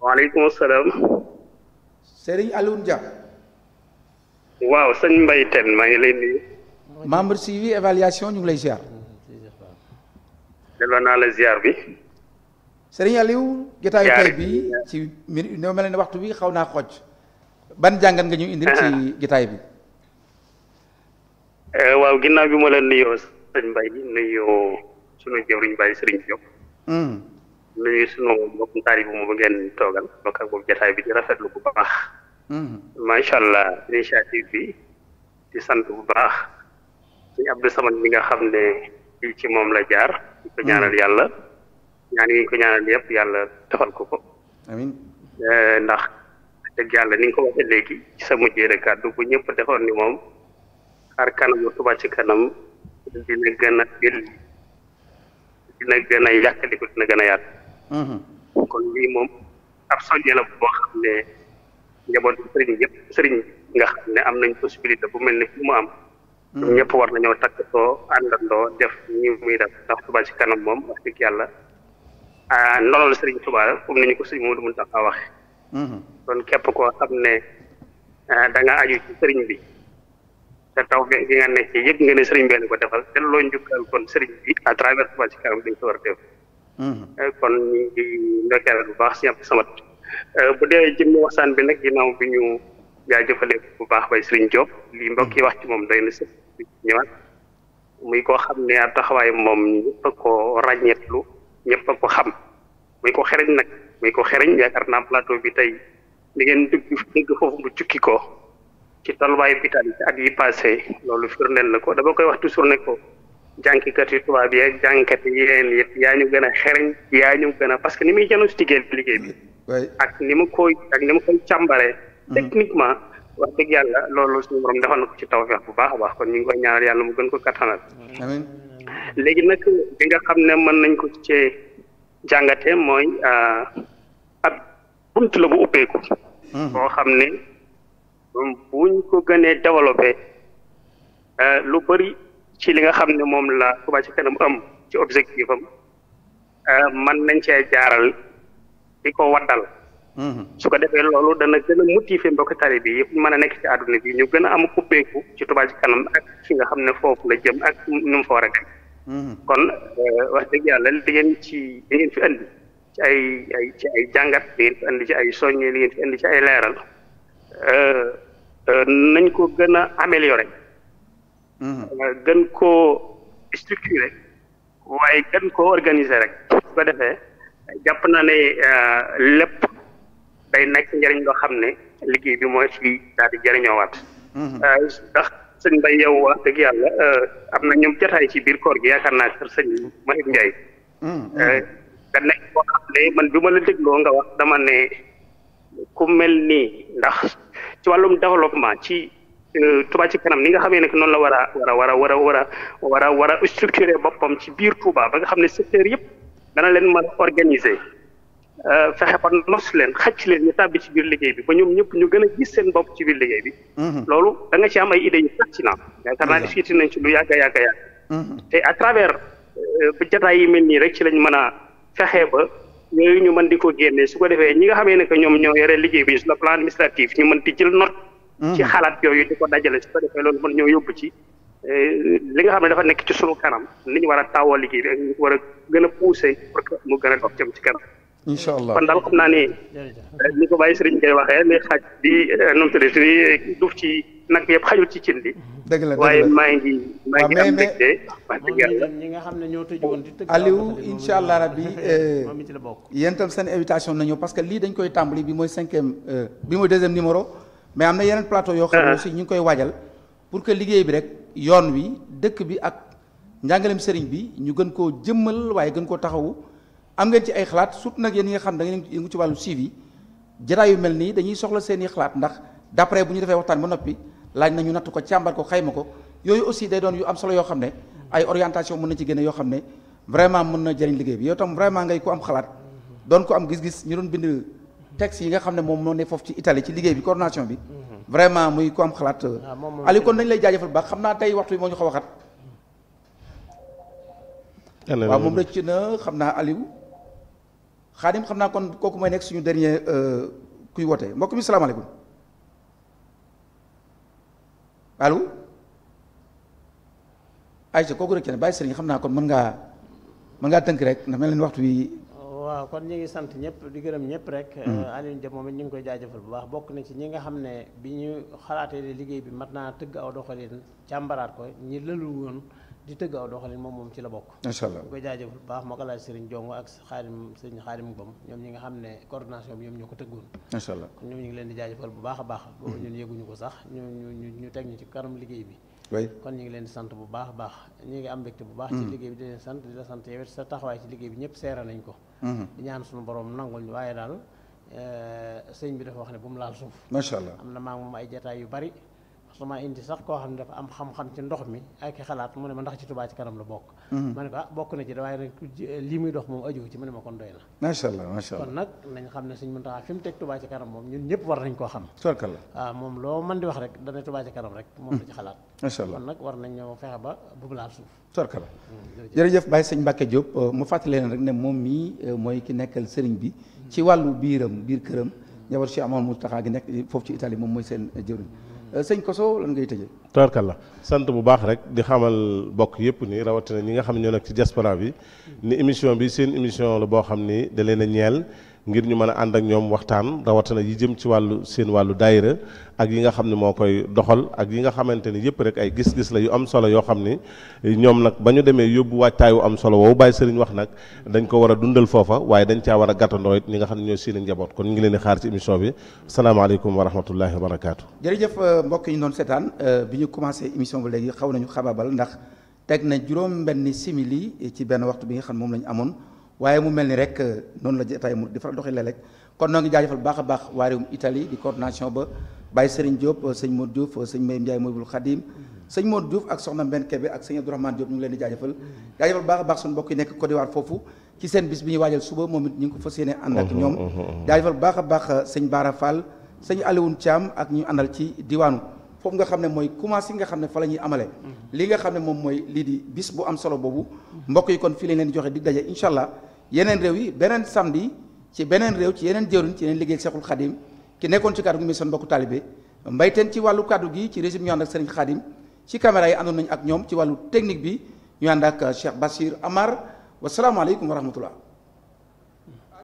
waaleykum salaam. Serigne Alioune Dia. waaw sëñ Mbaye Tène maa ngi lay membre suivi évaluation ñu ngi lay ziar. Hmm, delloo naa la ziar bi. Serigne Aliou jotaayu tey bi ci mi ne mel waxtu wi xaw naa xooj ban jàngat nga ñu indil ci jotaay bi eh, waaw ginnaaw bi ma leen nuyoo sëñ Mbaye nuyoo sunu jëwriñ Baye Serigne Diop hmm. nuyu sunu mbokk taalibe bu mu ngeen toogal bokk ak boobu jotaay bi di rafetlu bu baax hmm. macha allah initiative bi di sant bu baax sëñ Abdou Samad mi nga xam ne ci moom la jaar di ko hmm. ñaanal yàlla ñaan yi ñu ko ñaanal yëpp yàlla defal ko ko. Eh, ndax dëgg yàlla ni nga ko waxee léegi sa mujjee rek kàddu bu ñëpp defoon ni moom xar kanamu Touba ci kanam dina gën a jël dina gën a yàqaliku dina gën a yaat. Mhm. kon lii moom ab soññe la boo xam ne njaboot sëriñ yëpp sëriñ nga xam ne am nañ possibilité bu mel ni fu mu am. Mhm. ñëpp war nañoo takkatoo àndandoo def ñi muy def ndax ci kanam moom wax dëgg yàlla. ndolol Serigne Touba comme ni ñu ko Serigne Modou Mountakha waxe mhm. kon képp koo xam ne danga aju ci Serigne bi te taw bi nga nekk ci yëg nga ne benn ko defal te loo njukkal kon Serigne bi à travers Touba ci kanam dañ ko war a def mhm. euh, kon ngi ndokkeel bu baax si samat euh, bu dee jëmm waxtaan bi nag ginnaaw bi ñu jaajëfalee bu baax bay Serigne Diop lii mbokk yi mhm. wax ci moom doy na sëñ ñëwaat muy koo xam ne ab taxawaay moom ñëpp a ko ràññeetlu ñëpp a ko xam muy ko xereñ nag muy ko xereñ yaakaar naa plateau bi tey li ngeen dugg dégg foofu mu jukki ko ci tolluwaayu bitaan ci at yi passé loolu firndeel la ko dama koy wax toujours ne ko jànkikat yi tubaab yi ak jànkikat yi yeneen yëpp yaa ñu gën a xereñ yaa ñu gën parce que ni muy diagnostiqué liggéey bi ak ni mu koy ak ni mu koy càmbaree mm-hmm. techniquement wax dëgg yàlla loolu suñu borom defal na ko ci tawfeex bu baax baax kon ñu ngi koy ñaanal yàlla mu gën ko kattanal amiin léegi nag li nga xam ne mën nañ ko cee jàngate mooy euh, ab bunt la bu ubbeeku hmm. boo xam ne buñ ko gënee développé euh, lu bari ci li nga xam ne moom la Touba ci kanam am ci objectif am euh, mën nañ cee jaaral di ko waddal hmm. su ko defee loolu dana gën a motiver mbokk tari bi yëpp mën a nekk ci àdduna bi ñu gën a am ubbeeku ci Touba ci kanam ak fi nga xam ne foofu la jëm ak nu mu fa war a kon euh, wax dëgg yàlla li ngeen ci li ngeen fi andi ci ay ci ay jàngat li ngeen fi andi ci ay soññe li ngeen ay leeral euh, euh, nañ ko gën a améliorer mm-hmm. gën koo structurer waaye gën koo organiser rek su ko defee jàpp naa ne lépp day nekk njëriñ loo xam ne liggéey bi mooy fii daal di jëriñoowaat mm-hmm. sëñ bay yow wax dëgg yàlla euh, am na ñoom jotaay ci biir koor gi yaakaar naa kër sëñ ma Ndiaye. nga mm, mm. euh, nekk koo man bi ma la dégloo nga wax dama ne ku mel nii ndax ci wàllum développement ci euh, Touba ci kanam ni nga xamee nekk noonu la war a war a war a war war a war a boppam ci biir Touba ba nga xam ne secteur yëpp dana leen mën organiser. Euh, fexe ba nos leen xëcc leen ñu tàbbi ci biir liggéey bi ba ñoom ñëpp ñu gën a gis seen bopp ci biir liggéey bi. Mm-hmm. loolu da nga ci am ay idées yu pertinent. yaakaar naa discuté mm-hmm. nañ ci lu yàgg a yàgg a yàgg. Mm-hmm. te à euh, yi mel nii rek ci lañ mën a fexe ba yooyu ñu mën di ko génne su ko defee ñi nga xamee ne que ñoom ñoo yore liggéey bi sur le plan administratif ñu mën di jël note. ci xalaat yooyu di ko dajale su ko defee loolu mën ñoo yóbbu ci. Euh, li nga xam ne dafa nekk ci sunu kanam ni ñu war a taawoo liggéey bi ak war a gën a puuse pour que mu gën a dox jëm ci kanam incha allah kon daal xam ko bàyyi sëriñ koy waxee li xaj di eh, nu mu tuddati ci nag yëpp xajul ci cin li. dëgg maa ngi maa ngi am mbégte wax ñi nga xam ne ñoo tëj woon di tëgg Aliou incha allah rabbi eh, yéen itam seen invitation nañu parce que lii dañ koy tàmbali bi mooy cinquième eh, bi mooy deuxième numéro mais am na yeneen plateau yoo xam ne ah. aussi ñu ngi koy waajal pour que liggéey bi rek yoon wi dëkk bi ak njàngaleem sëriñ bi ñu gën koo jëmmal waaye gën koo taxawu am ngeen ci ay xalaat surtout nag yéen ñi nga xam da ngeen yëngu ci wàllu suivi jataay yu mel nii dañuy soxla seen i xalaat ndax d'après bu ñu defee waxtaan ba noppi laaj nañu natt ko càmbar ko xayma ko yooyu aussi day doon yu am solo yoo xam ne ay orientation mun na ci génne yoo xam ne vraiment mën na jëriñ liggéey bi yow tam vraiment ngay ku am xalaat doon ko am gis-gis ñu doon bind yi nga xam ne moom moo ne foofu ci Italie ci liggéey bi coordination bi vraiment muy ku am xalaat ah, Aliou kon dañ lay jaajëfal baax xam naa tey waxtu bi moo ñu xaw a xat waaw moom rëcc na xam naa Aliou xaadim xam naa kon kooku mooy nekk suñu dernier euh, kuy wootee mbokk mi salaamaaleykum allo Aïcha kooku rek kenn bàyyi sëriñ xam naa kon mën ngaa mën ngaa tënk rek ndax mel leen waxtu wi waaw kon ñu ngi sant ñëpp di gërëm ñëpp rek hmm. euh, Alioune Dia moom ñu ngi koy jaajëfal bu baax bokk na ci ñi nga xam ne bi ñu xalaatee liggéey bi mat naa tëgg aw doxalin càmbaraat ko ñi lëlu woon di tëgg aw doxalin moom moom ci la bokk incha allah koy jaajëfal baax ma ko laaj sëriñ jongo ak xaadim sëriñ xaadim bam ñoom ñi nga xam ne coordination bi ñoom ñoo ko tëggoon incha allah kon ñu ngi leen di jaajëfal bu baax a baax hmm. boobu ñun yëguñu ko ñu ñu ñu teg ñu ci liggéey bi kon ñu ngi leen di sant bu baax a baax ñu ngi am mbégte bu baax ci hmm. liggéey bi di leen sant di la sant yow sa taxawaay ci liggéey bi ñëpp seera nañ ko hmm. di ñaan suñu borom nangul ñu waaye daal eh, sëñ bi dafa wax ne bu mu laal suuf macha allah am na maa moom ay jataay yu bari suma indi sax koo xam ne dafa am xam-xam ci ndox mi ak i xalaat mu ne ma ndax ci Touba ci kanam la bokk mhm. ma ne ko ah bokk na ci waaye nag lii muy dox moom ajuwu ci mu ne ma kon doy na macha allah macha allah kon nag nañ xam moom war nañ ah, loo mën di wax rek dana Touba ci kanam rek moom la ci mhm. xalaat macha allah kon nag war nañ fexe ba bu laal suuf tarkalla mm, jërëjëf Baye Sëñ Mbacke Diop euh, mu fàttali leen rek ne moom mii euh, mooy ki nekkal sëriñ bi mm. ci wàllu biiram biir këram mm. njaboot si amoon mu taxaa gi nekk foofu ci Italie moom mooy seen euh, jëriñ Euh, sëñ Koso lan ngay tëjee. tabarkalla sant bu baax rek di xamal bokk yëpp ni rawatina ñi nga xam ñoo nekk ci diaspora bi ni émission bi seen émission la boo xam ni da leen a ñeel ngir ñu mën a ànd ak ñoom waxtaan rawatina yi jëm ci wàllu seen wàllu daayira ak yi nga xam ne moo koy doxal ak yi nga xamante ni yëpp rek ay gis-gis la yu am solo yoo xam ni ñoom nag ba ñu demee yóbbu waajtaayu am solo woowu bàyyi sëriñ wax nag dañ ko war a dundal foofa waaye dañ caa war a gàttandoo ñi nga xam ne ñooy seen njaboot kon ñu ngi leen di xaar ci émission bi salaamaaleykum wa rahmatullahi wa barakaatu. jërëjëf euh, mbokk yi ñu doon seetaan euh, bi ñu commencé émission bi léegi xaw nañu xabaabal ndax teg na juróom benn simili ci benn waxtu bi nga xam moom lañu amoon waaye mu mel ni rek euh, noonu la jotaay mu di faral doxi léeg-léeg kon noo ngi jaajëfal baax a baax waa réewum Italie di coordination ba Baye Serigne Diop euh, sëñ Modou Diouf euh, sëñ Mbaye Ndiaye Moybul Khadim sëñ Modou Diouf ak soxna Mbène Kébé ak sëñ Abdourahmane Diop ñu ngi leen di jaajëfal jaajëfal baax a baax suñu mbokk yi nekk Côte d'Ivoire foofu ci bi ñuy waajal suba moom it ñu ngi ko fas yéene ànd ak ñoom jaajëfal baax a baax sëñ Bara Fall sëñ Alioune ak ñu àndal ci diwaanu foofu nga xam ne mooy commencé nga xam ne fa la ñuy amale li nga xam ne moom mooy lii di bis bu am solo boobu mbokk yi kon fii lañ leen di di daje incha allah yeneen réew yi beneen samedi ci beneen réew ci yeneen jëwriñ ci yeneen liggéey Seexul Xadim ki nekkoon ci kàddu gi muy seen mbokku talibé mbayteen ci wàllu kàddu gi ci régime ñu ànd ak Serigne Xadim ci caméra yi àndoon nañu ak ñoom ci wàllu technique bi ñu ànd ak Cheikh Bassir Amar wasalaamualeykum wa rahmatullah